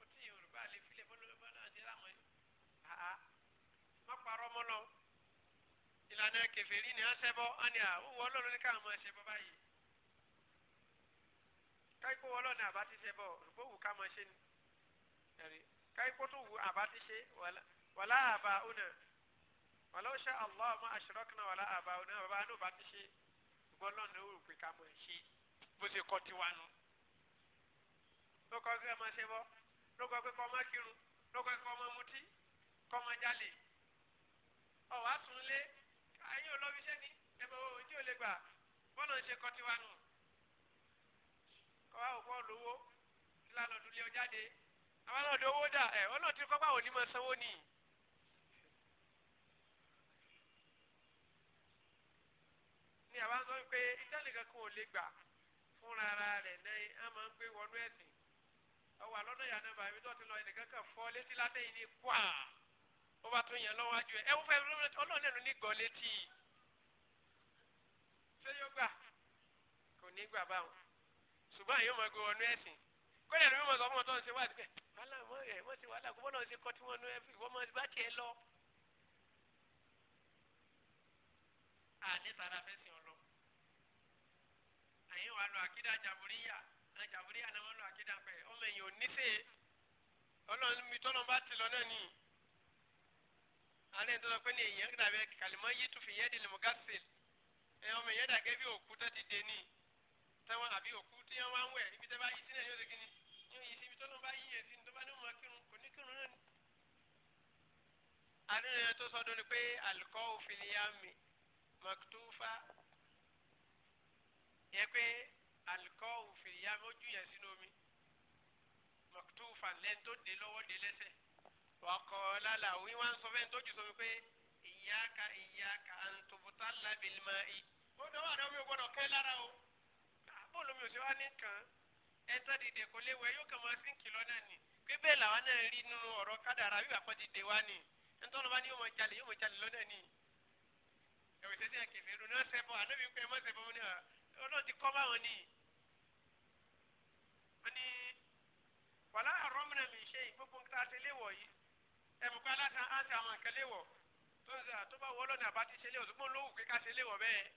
[SPEAKER 1] ó ti yorùbá lè filẹ̀ bọ́ọ̀nà ti láwọn ẹ̀ àá má parọ́ mọ́ lọ ìlànà kẹfẹ́rí ni wọ́n ṣẹbọ ọ́nì à ó wọ ọlọ́run ní káwọn ọmọ ẹ̀ ṣẹbọ báyìí káyipó ọlọ́run àbá ti ṣẹbọ òrùkó wù ká máa ṣe ni káyipó tó wù àbá ti ṣe wàlá àbá ọ̀nà walau sha Allah ma ashrakna wala abauna bàbá àánú bá ti ṣe ṣùgbọ́n lọ́nà ní òrùpé ká mọ̀ ṣe bó ṣe kọ́ tiwa nu. ló kọ́ kí ẹ máa ṣe bọ́ ló kọ́ pé kọ́ máa kírun ló kọ́ pé kọ́ máa mutí kọ́ máa jalè. ọ̀wá tún lé ayé olóbi iṣẹ́ ni ẹ bọ̀ ojú ò lè gbà bọ́ọ̀lù ń ṣe kọ́ tiwa kọ́ wa ò bọ́ọ̀lù owó ọjáde àwọn ọ̀dọ́ ẹ̀sìn àwa ń sọ pé ìtẹ́nìkan kan ò lè gbà fúnra ara rẹ̀ lẹ́yìn á máa ń gbé wọnú ẹ̀sìn ọwọ́ àlọ́nà ìyá náà bàbá mi tó ti lọ ẹnìkan kan fọ́ létí látẹ̀yìn ní kwá ó bá tún yẹn lọ́wọ́ ajú ẹ̀ ẹ̀ wọ́n fẹ́ ọlọ́run lẹ́nu ní gbọ́ létí ṣé yóò gbà kò ní gbà báwọn ṣùgbọ́n àyè máa gbé wọnú ẹ̀sìn kódà ló mọ̀ sọ fún ọtọ́ ṣe wá àti pé wàhálà wọn ẹ̀ wọ́n ti wàhálà kó bọ́lá ṣe kọ́ tí wọ́n ẹ̀yin wà lọ àkídà jàbúríyà náà jàbúríyà náà wọ́n lọ àkídà pẹ̀ ọmọ ẹ̀yìn ò níṣe ọlọ́run mi tọ́lọ́ bá ti lọ náà ni alẹ́ ìtọ́lọ́ pé ní èyàn dàbẹ́ kàlímọ́ yìí tún fi yẹ́ di lèmọ́gásì
[SPEAKER 2] ẹ ọmọ ìyẹn dàgẹ́ bí òkú tó ti dé ní
[SPEAKER 1] tẹ́wọ́n àbí òkú tí wọ́n wá ń wẹ̀ ibi tẹ́ bá yí sí náà yóò ṣe kíni yóò yí sí ibi tọ́lọ́ bá yí yẹn sí tó bá ní mọ́ kírun yẹ pé alikọ́ òfin ìyá mi ó jù yẹn sínú omi mọ̀tò fanlẹ́ni tó dé lọ́wọ́ dé lẹ́sẹ̀ wakọ̀ lálẹ́ àwọn ìwà ń sọ fẹ́ni tó jù sọ wípé ìyáka ìyáka àǹtòbútà lábìlímà ì. ó dọ́wọ́ àdó mi ò gbọ́dọ̀ kẹ́ lára o ah, bóòlù mi ò ṣe wá ní kàn ẹ tán dìde kò léwu ẹ yóò kàn máa sí kìlọ́ náà nì pé bẹ́ẹ̀ làwọn náà rí nínú ọ̀rọ̀ kádàrà wíwà kan dìde wá nì nítorí wọn ni yóò mọ jalè yóò mọ jalè lọ́nà nì. ẹ̀wẹ̀ tẹ́tí ọlọ́run ti kọ́ báwọn ni wọ́n ní wàlá àrọ́mìnà mi ṣe gbogbo nǹkan àti léwọ̀ yìí ẹ̀mú pé aláta á ti àwọn nǹkan léwọ̀ tó ń sọ àtúbà wọ́ lọ́nà àbá ti ṣe léwọ̀ ṣùgbọ́n lówù pé ká ṣe léwọ̀ bẹ́ẹ̀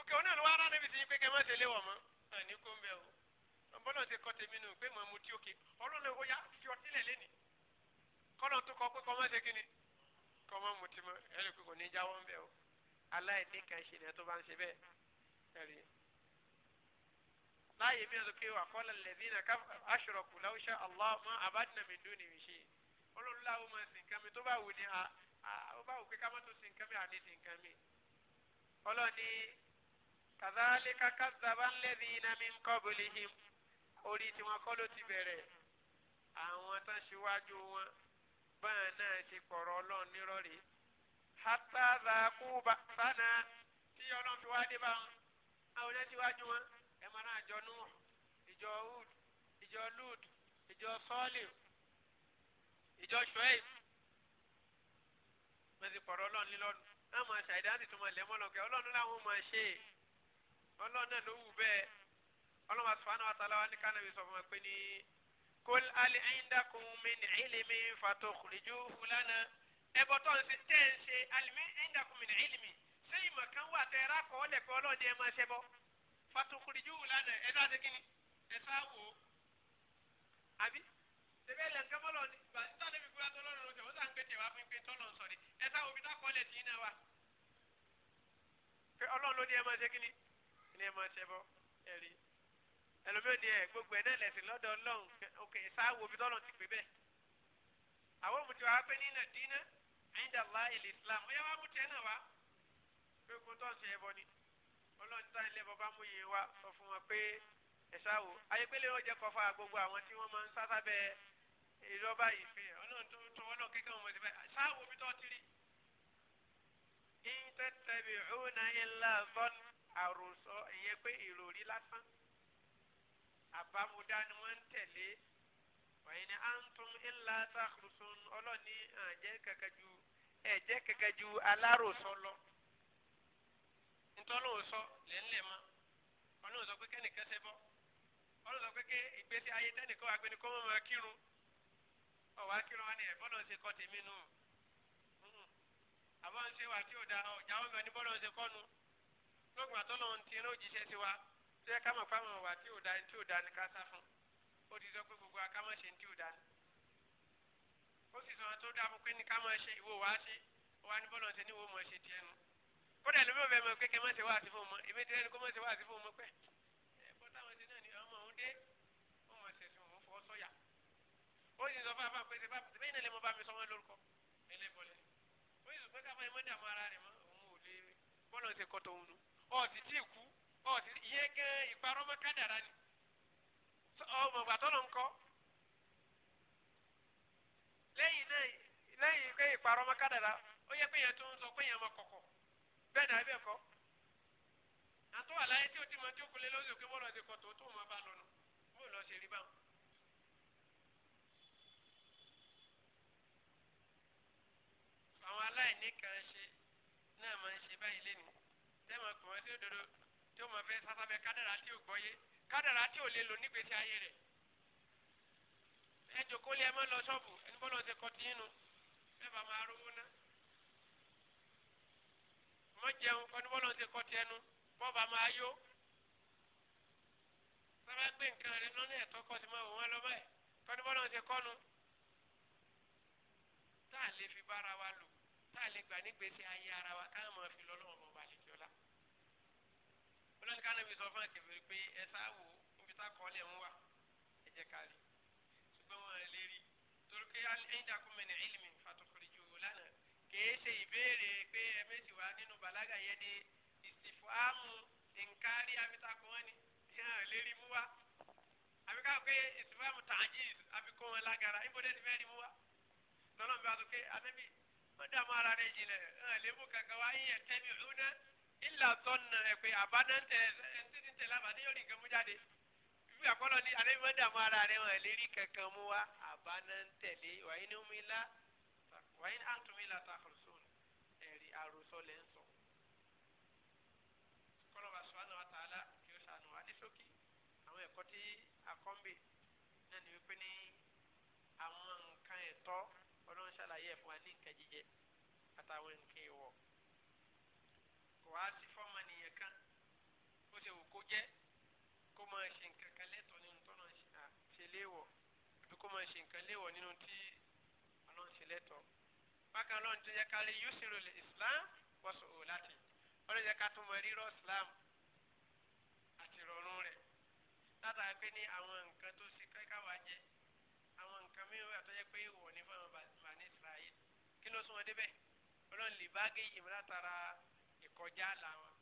[SPEAKER 1] òkè òun náà ló wá rán níbi tí yín pé kẹ́ mọ́ ṣe léwọ̀ mọ́ àní kó ń bẹ o ọ̀bọ́nà ti kọ́ tèmi nù pé mọ̀ mu tí òkè ọlọ́run ó yá fi ọtí lẹ̀ lẹ́nìí kọ́nà tó kọ pé kọ́ mọ́ ṣe kíni kọ́ mọ́ mu ti mọ́ ẹ̀ lè kó kò o aláìní kan ṣe ni ẹ tó bá ń láàyè mi sọ pé wà kọ́lá lẹ́dínà ká aṣọ̀rọ̀kù láwùṣà allah ma abadna min duni mi ṣe olólùláwò máa sìn kán mi tó bá wù ní a ó bá wù pé ká má tó sìn kán mi àní sìn kán mi ọlọ́ni kàdálíkà kàdàbà lẹ́dínà min qablihim orí tiwọn kọ́ ló ti bẹ̀rẹ̀ àwọn tó ń ṣíwájú wọn báyà náà ti pọ̀rọ̀ ọlọ́run nírọ̀rí hátà dàkú tí ọlọ́run fi wá dé bá àwọn ẹ̀ ti wájú wọn ìjọ nuh ìjọ hud ìjọ lud ìjọ sọ́ọ̀lì ìjọ shuaib wọ́n ti pọ̀rọ̀ ọlọ́run lílọ́nu náà máa ṣe àìdáàdì tó máa lẹ̀ mọ́ lọ́kẹ́ ọlọ́run láwọn máa ṣe é ọlọ́run náà ló wù bẹ́ẹ̀ ọlọ́run subhanahu wa ta'ala wa ní kánàbí sọ fún wa pé ní kol ali indakum min ilmi fatukhrijuhu lana ẹbọ tó ń ṣe tẹ́ ń ṣe alimi indakum min ilmi ṣé ìmọ̀ kan wà tẹ́ rákọ̀ọ́lẹ̀ pé ọlọ́run jẹ́ máa ṣẹbọ fatukurijú lánàá ẹnu àti kínní ẹsẹ àwò àbí tẹbẹ ẹlẹ ẹsẹ mọlọ ni gba níta níbi kúrò àti ọlọ́run lọsẹ ó sàn pété wá fún pé tọlọ ń sọrí ẹsẹ àwò bí dákọọlẹ tì í náà wà pé ọlọ́run ló ní ẹ máa ṣe kínní ní ẹ máa ṣe bọ ẹ rí ẹlòmíràn ni ẹ gbogbo ẹ náà lẹsìn lọ́dọ̀ ọlọ́run òkè ẹsẹ àwò bí tọlọ ti pè bẹ́ẹ̀ àwọn mùtí wa pé nínà dínà ẹ̀yìn Allah ilẹ̀ islam ó yẹ wá mùtí ẹ náà wá pé kó tọ́ ṣe ẹbọ ni ọlọ́run tá ilé bàbá mú yìí sọ fún wọn pé ẹ̀ṣá wo ayépélé wọn jẹ́ kọfà gbogbo àwọn tí wọ́n máa ń sáta bẹ ìrọ́bà yìí pé ọlọ́run tó tó ọlọ́run kékeré wọn ti bẹ ṣá wo bí tó ti rí. in tattabi'una illa zon àròsọ ìyẹn pé ìròrí lásán àbámúdá ni wọ́n ń tẹ̀lé wàyí ni antum illa takhrusun ọlọ́ni àjẹ́ kẹkẹ ju ẹ̀jẹ̀ kẹkẹ lọ ntọ́lọ́ sọ lẹ́nlẹ̀ mọ́ ọlọ́run sọ pé kẹ́nìkan ṣe bọ́ ọlọ́run sọ pé ké ìgbésí ayé tẹ́nìkan wà gbéni kó mọ́ máa kírun ọ̀wá kírun wọn ni ẹ̀ bọ́lọ̀ ń ṣe kọ́ tèmi nù hmm. àbọ̀ ń ṣe wà tí ò da ọ̀jà wọn bẹ ní bọ́lọ̀ ń ṣe kọ́ nu lóògùn àtọ́lọ́ ti ẹran òjíṣẹ́ sí wa tó ká mọ̀ pé wà tí ò da tí ò da ni ká sá fún ó ti sọ pé gbogbo akámọ̀ ṣe tí ò da ni ó sì sọ wọn tó dáa fún pé ní ká mọ̀ ṣe ìwọ wàá ṣe wọn ní bọ́lọ̀ ń ṣe ní ìwọ mọ̀ ṣe tiẹ̀ nu
[SPEAKER 2] kódà ló bẹ̀rẹ̀ mọ̀ pé kẹ́ mọ̀ ṣe wá àti fún ọmọ èmi tẹ́lẹ̀ ni kó mọ̀ ṣe wá àti fún ọmọ
[SPEAKER 1] pẹ́ ẹ̀kọ́ táwọn ṣe náà ni ọmọ òun dé ọmọ ṣẹ̀ṣẹ̀ òun fọ́ sọ́yà ó sì sọ fáfá pé ṣe bá bẹ́ẹ̀ náà lè mọ bá mi sọ wọn lórúkọ ẹlẹ́bọ̀lẹ̀ ó sì sọ pé káfá ẹmọ dààmú ara rẹ̀ mọ́ òun ò lè bọ́ọ̀lù ṣe kọ́tọ̀ òun nu ọ̀ọ́tì tí ì kú ọ̀ọ́tì yẹ gan ìparọ́ mọ́ kádàrá ni
[SPEAKER 2] ọmọ ìgbà tọ́lọ̀ ń kọ́
[SPEAKER 1] lẹ́yìn náà lẹ́yìn pé ìparọ́ mọ́ kádàrá ó yẹ pé yẹn tó ń sọ pé yẹn mọ kọ̀kọ̀ bẹ́ẹ̀ ni àbí ẹ̀kọ́ àtọ́ wà láyé tí ó ti mọ tí ó kulẹ̀ lọ́sọ̀ pé bọ́ọ̀lù ọ̀sẹ̀ kọ̀tọ̀ tó mọ bá lọ́nu bó lọ ṣe rí báwọn. àwọn aláìní kan ṣe náà máa ń ṣe báyìí lẹ́nu tẹ́wọ̀n kò wọ́n sí òdodo tí ó mọ fẹ́ sásábẹ́ kádàrá tí ò gbọ́yé kádàrá tí ò lè lò nígbèsí ayé rẹ̀ ẹ jòkó lé ẹ má lọ ṣọ́ọ̀bù ẹni bọ́ọ̀lù ọ̀sẹ̀ kọ mọ jẹun kọ́ ní bọ́lá ń ṣe kọ́ tiẹnu mọ́ bá máa yó sábà gbé nǹkan rẹ lọ́nà ẹ̀tọ́ kọ́ sí máa wò wọ́n lọ báyìí kọ́ ní bọ́lá ń kọ́nu tá lè fi bára wa lò tá a lè gbà nígbèsè ayé ara wa ká máa fi lọ́lọ́wọ́ bọ̀ bá àlejò ọ̀la olóńtí ká nàbí sọ fún àkèfèrè pé ẹ sáà wò níbi tá a kọ́ lẹ̀ ń wà ẹ jẹ́ ká ṣùgbọ́n wọn lè rí torí pé ẹ̀yìn dàkúmẹ̀ ní kìí ṣe ìbéèrè pé ẹ méjì wá nínú balaga yẹn ni ìsìfọ́àmù nkárí abitakọ wọn ni hàn lérí mú wa àbí ká pé ìsìfọ́àmù tàjíìs abikọ wọn lágara ibodè ti fẹ́ rí mú wa lọ́nà bí wàá tó ké anábì wọ́n dààmú ara rẹ̀ jìnlẹ̀ hàn lébù kankan wá ìyẹn tẹ́mi ọ̀húnà ìlà tọ́nà ẹ̀ pé àbádá ń tẹ̀ ẹ̀ ti ti tẹ̀lé àbá níyọ̀rì nǹkan mú jáde ibi àkọ́lọ́ ni anábì wọ́n dààmú ara rẹ̀ hàn lérí kankan mú wa àbá náà wàá lá wàyí ní àǹtùmí làtà àkùrùsùn ẹ̀rí àròsọ lẹ́ ń sọ. kọ́lọ́ba sùwádìí wa tààlà kí ó sànù wá ní sókí àwọn ẹ̀kọ́ tí àkọ́ńbè náà ní wípé ní àwọn nǹkan ẹ̀tọ́ ọlọ́run ṣàlàyé ẹ̀ fún wa ní nǹkan jíjẹ àtàwọn nǹkan ìwọ̀ kò wá sí fọ́ọ̀mù nìyẹn kan ó ṣe wò kó jẹ́ kó máa
[SPEAKER 2] bákan náà tó yẹ ká lè yusru
[SPEAKER 1] lè islam wọ́sọ̀ ò láti ọlọ́ yẹ ká tó mọ rírọ̀ islam àti ìrọ̀rùn rẹ̀ látàrí pé ní àwọn nǹkan tó ṣe kẹ́kẹ́ wá jẹ àwọn nǹkan mìíràn àtọ́ yẹ pé wọ̀ ní fáwọn bani israel kí ló sún wọn débẹ̀ ọlọ́run lè bá gé yìí látara ìkọjá làwọn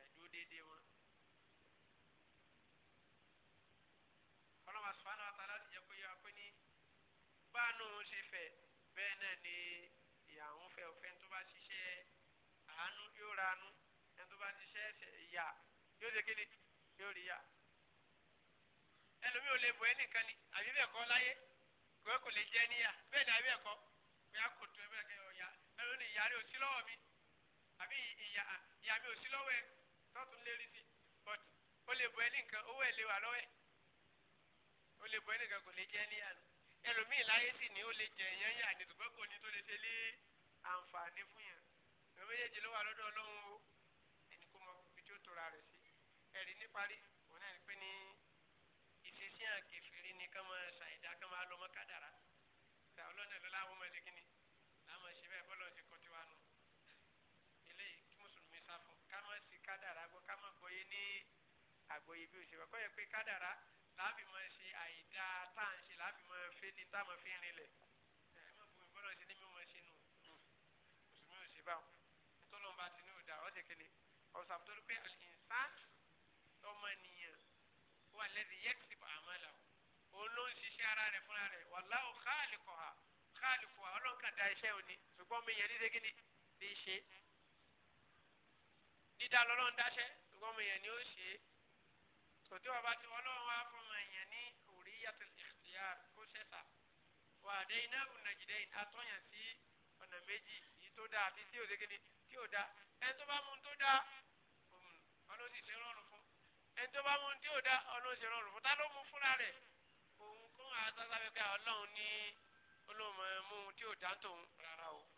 [SPEAKER 1] ẹ̀dúró déédéé wọn. ọlọ́run àṣùfáàná àtàlá ti jẹ́ pé yọ apẹ́ ní báànù ṣe fẹ́ bẹ́ẹ̀ náà ni ìyà ń fẹ́ òfẹ́ tó bá ṣiṣẹ́ àánú yóò ra àánú ẹni tó bá ṣiṣẹ́ ìyà yóò ṣe kíni yóò rí ìyà ẹlòmíì ò lè bọ̀ ẹnìkan ni àbí bẹ́ẹ̀ kọ́ láyé kò kò lè jẹ́ níyà bẹ́ẹ̀ ni àbí bẹ́ẹ̀ kọ́ bóyá kò tó ẹgbẹ́ kẹ́ ọ̀yà ẹlòmíì ìyà rẹ̀ ò sí lọ́wọ́ mi àbí ìyà mi ò sí lọ́wọ́ ẹ tọ́tún lérí sí but ó lè bọ̀ ẹnìkan owó ẹ̀ lè wà lọ́wọ́ ẹ̀ ó lè bọ̀ ẹnìkan kò lè jẹ́ níyà nù ẹlòmíì láyé sì ni ó lè jẹ èèyàn yà ní tùpẹ́ kò ní tó lè ṣe lé àǹfààní fún yàn ìwé méjèèjì ló wà lọ́dọ̀ ọlọ́run o ẹni kó mọ ibi tí ó tora rẹ̀ sí ẹ̀rí níparí òun náà ní pé ní ìṣesí hàn kẹfìrí ni kán máa ṣàìdá kán máa lọ mọ́ kádàrá ṣe àwọn ọlọ́nà ló láwọn ọmọ ẹ̀ṣẹ̀ kínní láwọn ẹ̀ṣẹ̀ bẹ́ẹ̀ bọ́lọ̀ ṣe kọ́ tiwa nù eléyìí kí mùsùlùmí sá fún ká má sí kádàrá gbọ́ ká má gbọ́yé ní àgbọ́yé bí ó ṣe wà kọ́ yẹ pé kádàrá láàbì máa ṣe àìdá tá à ń ṣe láàbì máa fẹ́ ní tá à máa fi ń rinlẹ̀ ẹ̀ mọ̀ fún mi bọ́lá ṣe ní mi máa ṣe nù mùsùlùmí ò ṣe báwọn tọ́lọ́mù bá ti ní òdà ọ̀sẹ̀ kìíní ọ̀sà tó dúpẹ́ àlìsàn ọmọ ènìyàn wà lẹ́dí yẹ́kìtì àmàlà òun ló ń ṣiṣẹ́ ara rẹ̀ fúnra rẹ̀ wallahu khaliquha khaliquha ọlọ́nkà da iṣẹ́ òní ṣùgbọ́n mi yẹn dídé kìíní ní í ṣe dídá lọ́lọ́ ń dáṣẹ́ ṣùgbọ́n mi yẹn ni ó ṣe é sòtí ọba tí ọlọ́run wá fún ọmọ èèyàn ní hurriyatul ikhtiyar kó ṣẹ̀ṣà wà dé iná ònàjìdẹ́ atọ́yàn sí ọ̀nà méjì yìí tó dáa àti tí òde kéde tí ò dáa ẹni tó bá mú tó dáa ọlọ́run sì ṣe rọrùn fún ẹni tó bá mú tí ò dáa ọlọ́run ṣe rọrùn fún tá ló mú fúnra rẹ̀ òun kó àtàtà pé ọlọ́run ní
[SPEAKER 2] olóòmọ̀ mú tí ò dáa tóun
[SPEAKER 1] rárá o.